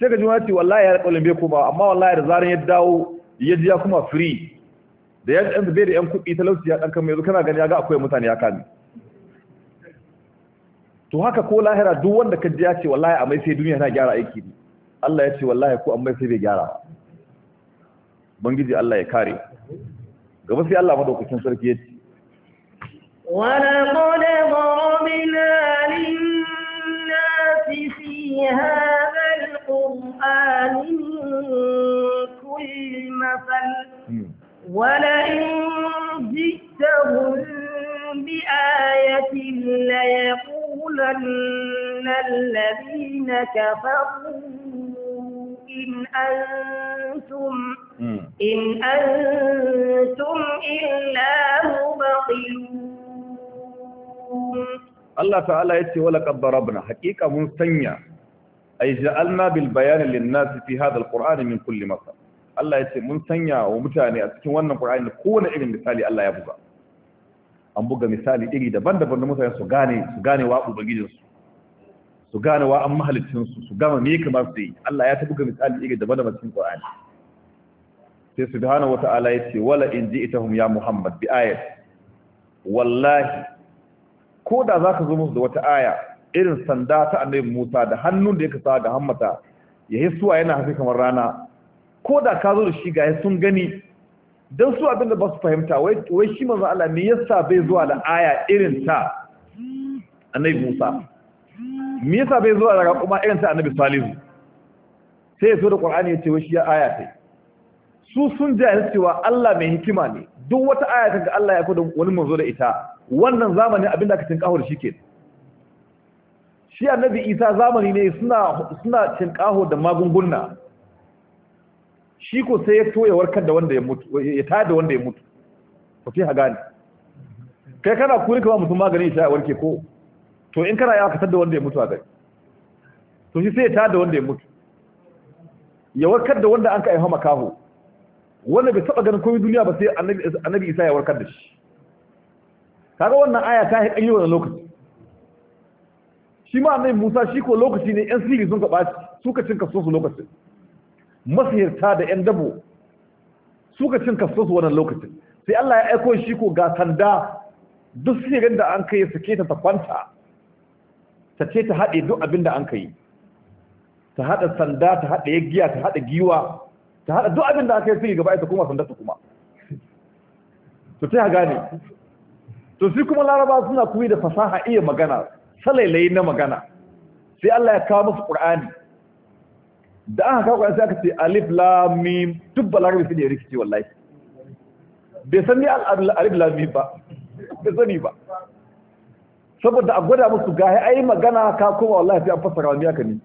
sai ka juna ce wallahi ya rikalin bai kuma amma wallahi da zarin ya dawo ya ji ya kuma free da ya ɗan zube da ƴan kuɗi talauci ya ɗan kama yanzu kana gani ya ga akwai mutane ya kame to haka ko lahira duk wanda ka ji ya ce wallahi a mai sai duniya na gyara aiki ne Allah ya ce wallahi ko an mai sai bai gyara ba bangiji Allah ya kare gaba sai Allah madaukakin sarki yace wala qala rabbina lin nasi fi hadhal qur'an kulli mafal hmm. wala in jittahum bi ayatin la yaqulanna alladhina kafaru in antum in antum illa mubtilun Allah ta'ala yace wala qad darabna haqiqa mun sanya ay ja'alna bil bayan lin nas fi hadha al qur'an min kulli masal Allah yace mun sanya wa mutane a cikin wannan qur'ani kowane irin misali Allah ya buga an buga misali iri daban-daban da mutane su gane su gane wa ubangijin su su gane wa an mahalicin su su gama me kamar su yi Allah ya ta buga misali iri daban-daban cikin qur'ani sai subhanahu wata'ala ya ce wala in ji'tahum ya muhammad bi ayat wallahi ko da za ka zo musu da wata aya irin sanda ta annabi Musa da hannun da yake sa ga hammata ya hisuwa yana hafi kamar rana ko da ka zo da shi ga sun gani dan su abin da ba su fahimta wai shi manzo Allah me yasa bai zuwa da aya irin ta annabi Musa me yasa bai zuwa da kuma irin ta annabi Salihu sai ya zo da Qur'ani ya ce wai shi ya aya sai su sun jahil cewa Allah mai hikima ne duk wata aya ga Allah ya fi wani manzo da ita wannan zamanin abin da aka da shi ke shi annabi isa zamani ne suna suna tinkaho da magunguna shi ko sai ya toye warkar da wanda ya mutu ya tayar da wanda ya mutu ko fi hagani kai kana kuri kama mutum magani ya warke ko to in kana ya katar da wanda ya mutu a gari to shi sai ya tayar da wanda ya mutu ya warkar da wanda an ka aiha makaho wanda bai taba ganin komai duniya ba sai annabi isa ya warkar da shi kaga wannan aya ta yi kanyi wannan lokaci shi ma annabi musa shi ko lokaci ne yan sirri sun su suka cin kaso su lokacin masihirta da yan dabo suka cin kaso su wannan lokacin sai allah ya aiko shi ko ga sanda duk sihirin da an kai ya sake ta ta kwanta ta ce ta haɗe duk abin da an kai ta haɗa sanda ta haɗa yaggiya ta haɗa giwa ta haɗa duk abin da aka yi sai gaba ita kuma sandar ta kuma to ta gane to sai kuma laraba suna kuma da fasaha iya magana salailai na magana sai Allah ya kawo musu Qur'ani da aka kawo Qur'ani sai aka ce alif lam mim duk balarabi sai ya rikici wallahi bai san ni alif lam mim ba bai sani ba saboda a gwada musu gahe ai magana ka kuma wallahi sai an fassara wani aka ne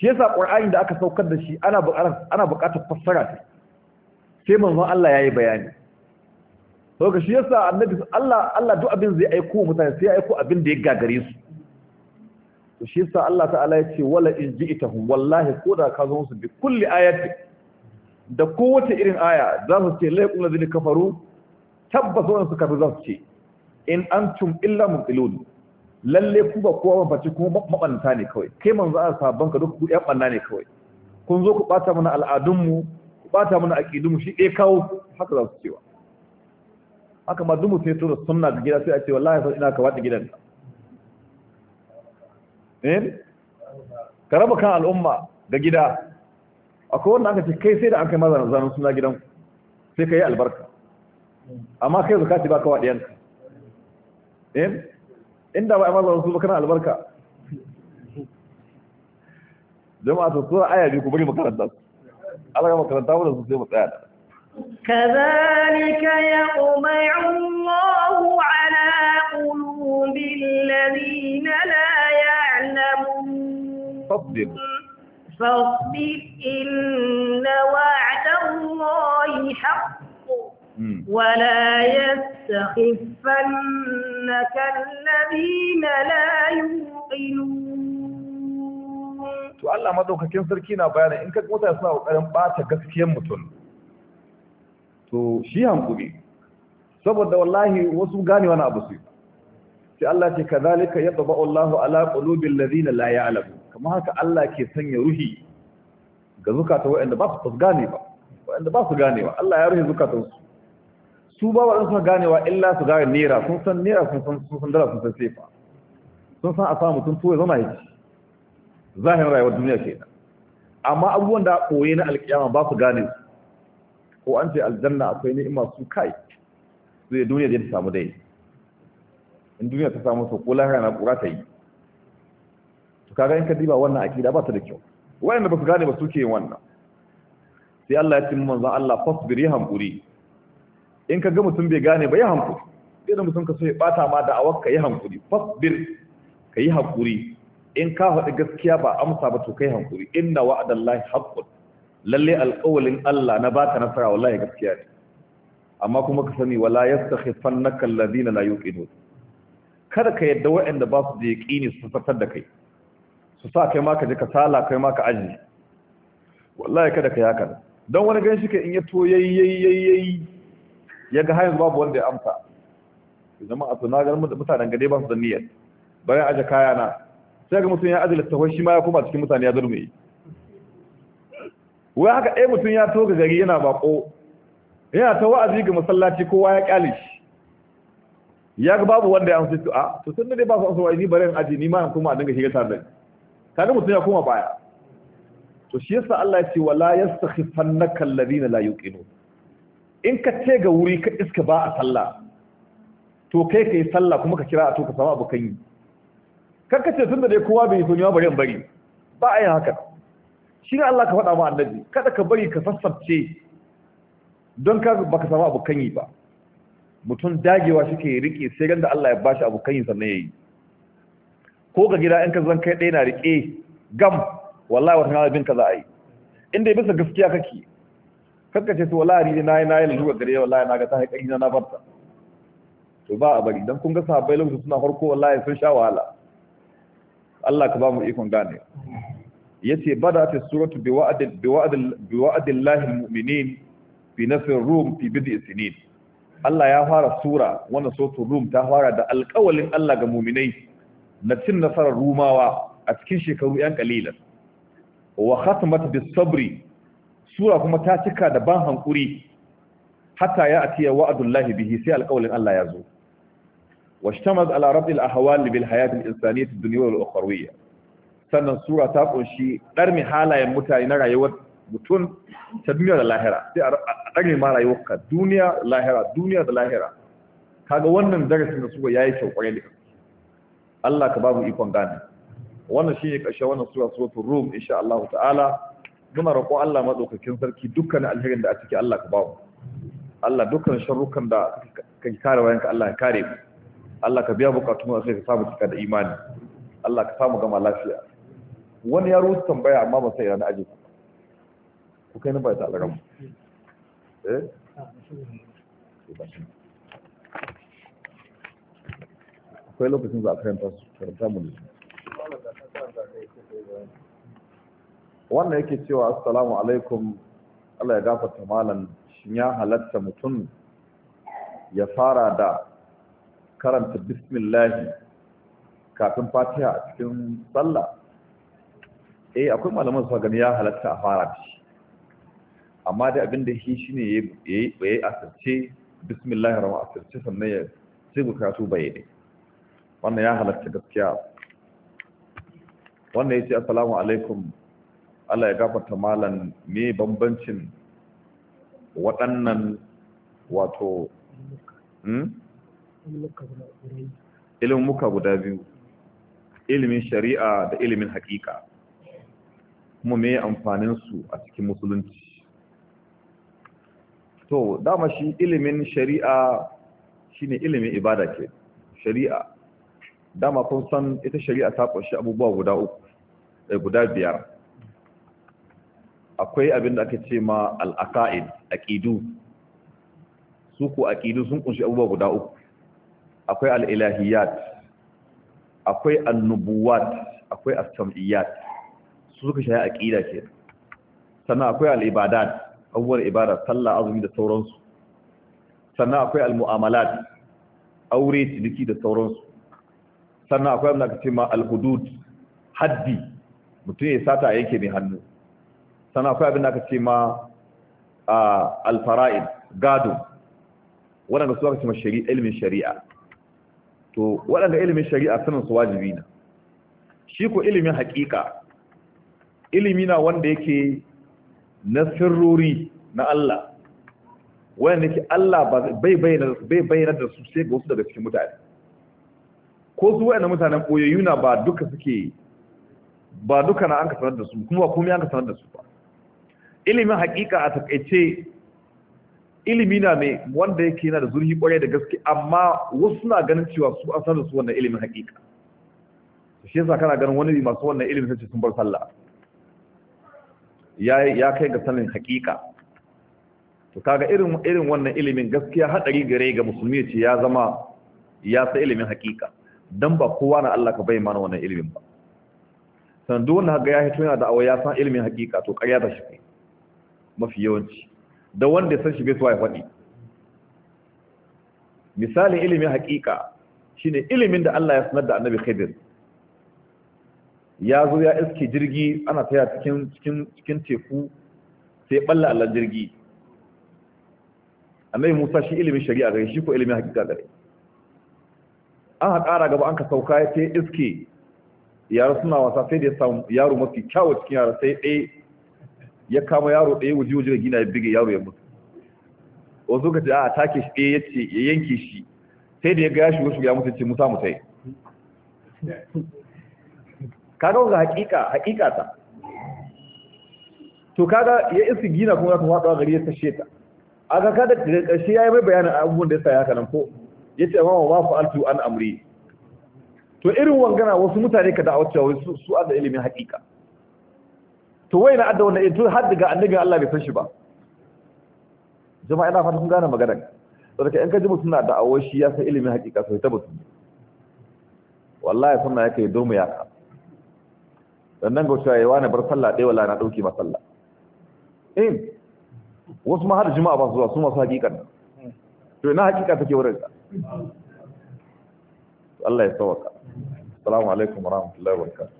shi yasa qur'ani da aka saukar da shi ana buƙatar ana buƙatar fassara ta sai manzon Allah yayi bayani saboda shi yasa annabi Allah Allah duk abin zai aiko mutane sai ya aiko abin da ya gagare su to shi yasa Allah ta'ala ya ce wala in ji'tahum wallahi ko da ka zo musu bi kulli ayati da kowace irin aya za su ce la yaqulu kafaru tabbas wannan suka fi su ce in antum illa mubtilun lalle ku ba kowa mafaci kuma mabanta ne kawai kai manzo a sabon ka duk yan banna ne kawai kun zo ku bata mana al'adunmu ku bata mana aqidunmu shi dai kawo haka za su cewa haka ma dumu sai tura sunna ga gida sai a ce wallahi sai ina ka wata gidan eh ka raba kan al'umma da gida akwai wanda aka ce kai sai da an kai maza zanen suna gidan sai ka yi albarka amma kai zakati ba ka waɗiyanka eh inda ba imam rasul kana albarka jama'a to sura aya biyu ku bari makaranta su Allah ya makaranta mu da su sai mu tsaya كذلك يطمع الله على قلوب الذين لا يعلمون فاصبر فاصبر إن وعد الله حق ولا يستخفنك الذين لا يوقنون to Allah madaukakin sarki na bayani in ka mutane suna kokarin bata gaskiyar mutum to shi hankuri saboda wallahi wasu gane wani abu su sai Allah ce kadalika yadba Allahu ala qulubil ladina la ya'lamu kamar haka Allah ke sanya ruhi ga zukata waɗanda ba su gane ba waɗanda ba su gane ba Allah ya ruhi zukatansu su ba wa suka ganewa illa su gane nera sun san nera sun san sun san dala sun san sefa sun san a samu mutum to zama yake zahin rayuwar duniya ke da amma abubuwan da ɓoye na alkiyama ba su gane su ko an ce aljanna akwai ima su kai su ya duniya zai ta samu dai in duniya ta samu su ko lahira na ƙura ta yi to kaga in ka diba wannan akida ba ta da kyau wayanda ba su gane ba su ke yin wannan sai Allah ya ce manzon Allah fasbiri hankuri in ka ga mutum bai gane ba ya hankuri sai da mutum ka so ya bata ma da awaka ka yi hankuri fasbir ka yi hankuri in ka faɗi gaskiya ba amsa ba to kai hankuri inna wa'adallahi haqqun lalle alqawlin Allah na baka nasara wallahi gaskiya ne amma kuma ka sani wala yastakhifannaka alladhina la yuqinun kada ka yadda wa'anda ba su da yaqini su fatar da kai su sa kai ma ka ji kasala kai ma ka aji wallahi kada ka yaka don wani gan shi ka in ya to yayi yayi yayi ya ga hayan babu wanda ya amsa zama a na ga mutanen gade ba su da niyyar bayan aje kaya na sai ga mutum ya ajiye littafin shi ma ya koma cikin mutane ya zurme wai haka ɗaya mutum ya toga gari yana bako yana ta wa'azi ga masallaci kowa ya kyale shi ya ga babu wanda ya amsa to a ah, to sun dai ba su amsa wai ni bare in aje ni ma an koma a dinga shiga tare da ni kaga mutum ya koma baya to shi yasa Allah ya ce wala yastakhifannaka alladhina la yuqinun in ka ce ga wuri ka iska ba a sallah to kai ka yi sallah kuma ka kira a to ka samu abokan yi kar ce tun da dai kowa bai so niwa bari in bari ba a yin haka shi ne Allah ka faɗa ma annabi kada ka bari ka sassabce don ka baka samu abokan yi ba mutum dagewa shi ke riƙe sai ganda Allah ya bashi abokan yi sannan ya yi ko ga gida in ka zan kai ɗaya na riƙe gam wallahi wata na bin ka za a yi inda ya bisa gaskiya kake kakka ce to wallahi ni nayi nayi lura gare wallahi na ga ta haƙi na barta to ba a bari dan kun ga sahabbai lokacin suna farko wallahi sun sha wahala Allah ka ba mu ikon gane yace bada ta suratu bi wa'd bi wa'd bi wa'd Allah almu'minin fi nafr rum fi bid'i sinin Allah ya fara sura wannan suratu rum ta fara da alƙawalin Allah ga mu'minai na cin nasarar rumawa a cikin shekaru yan kalilan wa khatmat bis sabri sura kuma ta cika da ban hankuri hatta ya atiya wa'adullahi bihi sai alƙawalin Allah ya zo ala bil hayat al insaniyyah ad الإنسانية wal والأخروية sannan sura ta kunshi mi halayen mutane na rayuwar mutum ta duniya da lahira sai a ɗarmi ma rayuwarka duniya da lahira duniya da lahira kaga wannan darasin da suka yayi kyau kwarai da Allah ka babu ikon gane wannan shine karshe wannan sura suratul rum insha Allah ta'ala muna roƙo Allah madaukakin sarki dukkan alherin da a ciki Allah ka ba mu Allah dukkan sharrukan da ka kare wayanka Allah ya kare mu Allah ka biya bukatun mu sai ka samu cika da imani Allah ka samu gama lafiya wani ya rubuta tambaya amma ba sai yana aji ku kai ni ba ta alƙaram eh akwai lokacin za a karanta su karanta mu ne wannan yake cewa assalamu alaikum Allah ya gafarta malam shin ya halatta mutum ya fara da karanta bismillah kafin fatiha a cikin sallah eh akwai malaman su gani ya halatta a fara da shi amma dai abin da shi shine yayi yayi asirce bismillah rahman asirce sannan ya sai bukatu bayyane wannan ya halatta gaskiya wannan yace assalamu alaikum Allah ya gafarta malan me bambancin waɗannan wato hmm? ilimin muka guda biyu ilimin shari'a da ilimin haƙiƙa, kuma me amfanin su a cikin musulunci to dama shi ilimin shari'a shine ilimin ibada ke shari'a dama kun san ita shari'a ta ƙunshi abubuwa guda uku eh, guda biyar akwai abin da aka ce ma a ƙidu su a ƙidu sun kunshi abubuwa guda uku akwai al'ilahiyat akwai annubuwat akwai as su suka shaye aqida ke sannan akwai al'ibadat abubuwan ibada sallah azumi da sauransu sannan akwai al'mu'amalat, aure ciniki da sauransu sannan akwai abin da aka ce ma al haddi mutum ya sata yake mai hannu sannan akwai abin da aka ce ma alfara'id gado waɗanda su aka ce ma ilimin shari'a to waɗanda ilimin shari'a sanin su wajibi na shi ko ilimin haƙiƙa ilimi na wanda yake na sirrori na Allah wanda yake Allah bai bayyana da su sai ga wasu daga cikin mutane ko su waɗanda mutanen ɓoyoyi na ba duka suke ba duka na an ka sanar da su kuma ba komai an ka sanar da su ba ilimin hakika a takaice ilimi na mai wanda yake yana da zurfi kwarai da gaske amma wasu na ganin cewa su an san da su wannan ilimin hakika shi yasa kana ganin wani masu wannan ilimin sace sun bar sallah ya ya kai ga sanin hakika to kaga irin irin wannan ilimin gaskiya hadari gare ga musulmi ce ya zama ya sa ilimin hakika dan ba kowa na Allah ka bai mana wannan ilimin ba san duk wanda ga ya hito yana da awaya ya san ilimin hakika to ƙarya ta shi kai mafi yawanci da wanda ya san shi bai suwa ya faɗi misalin ilimin haƙiƙa shine ilimin da Allah ya sanar da annabi khidir ya zo ya iske jirgi ana taya cikin cikin cikin teku sai balla Allah jirgi annabi Musa shi ilimin shari'a gare shi ko ilimin haƙiƙa gare an haƙara gaba an ka sauka ya ce iske yaro suna wasa sai da ya samu yaro mafi kyawo cikin yara sai ɗaya ya kama yaro ɗaya waje waje gina ya bige yaro ya mutu wasu ka ce a take shi ɗaya ya yanke shi sai da ya ga ya shigo shiga mutu ce musa mutai kaga wanzu hakika hakika ta to kaga ya isi gina kuma ta faɗa gari ya tashe ta ga kada da ƙarshe yi mai bayanin abubuwan da ya sa ya kanan ko yace amma ma fa'altu an amri to irin wangana wasu mutane ka da'awar cewa su su da ilimin hakika to wai na adda wannan eh, to har daga annabi Allah bai san shi ba jama'a ina fata kun gane magana saboda kai an kaji mutuna da da'awar shi ya san ilimin hakika sai ta mutum wallahi sunna yake domin ya ka sannan ga cewa yawa eh, ne, bar sallah ɗaya wallahi na ɗauki ma sallah in wasu ma har juma'a ba zuwa su masu hakikan to ina hakika take wurin ka Allah ya tsawaka assalamu alaikum warahmatullahi wabarakatuh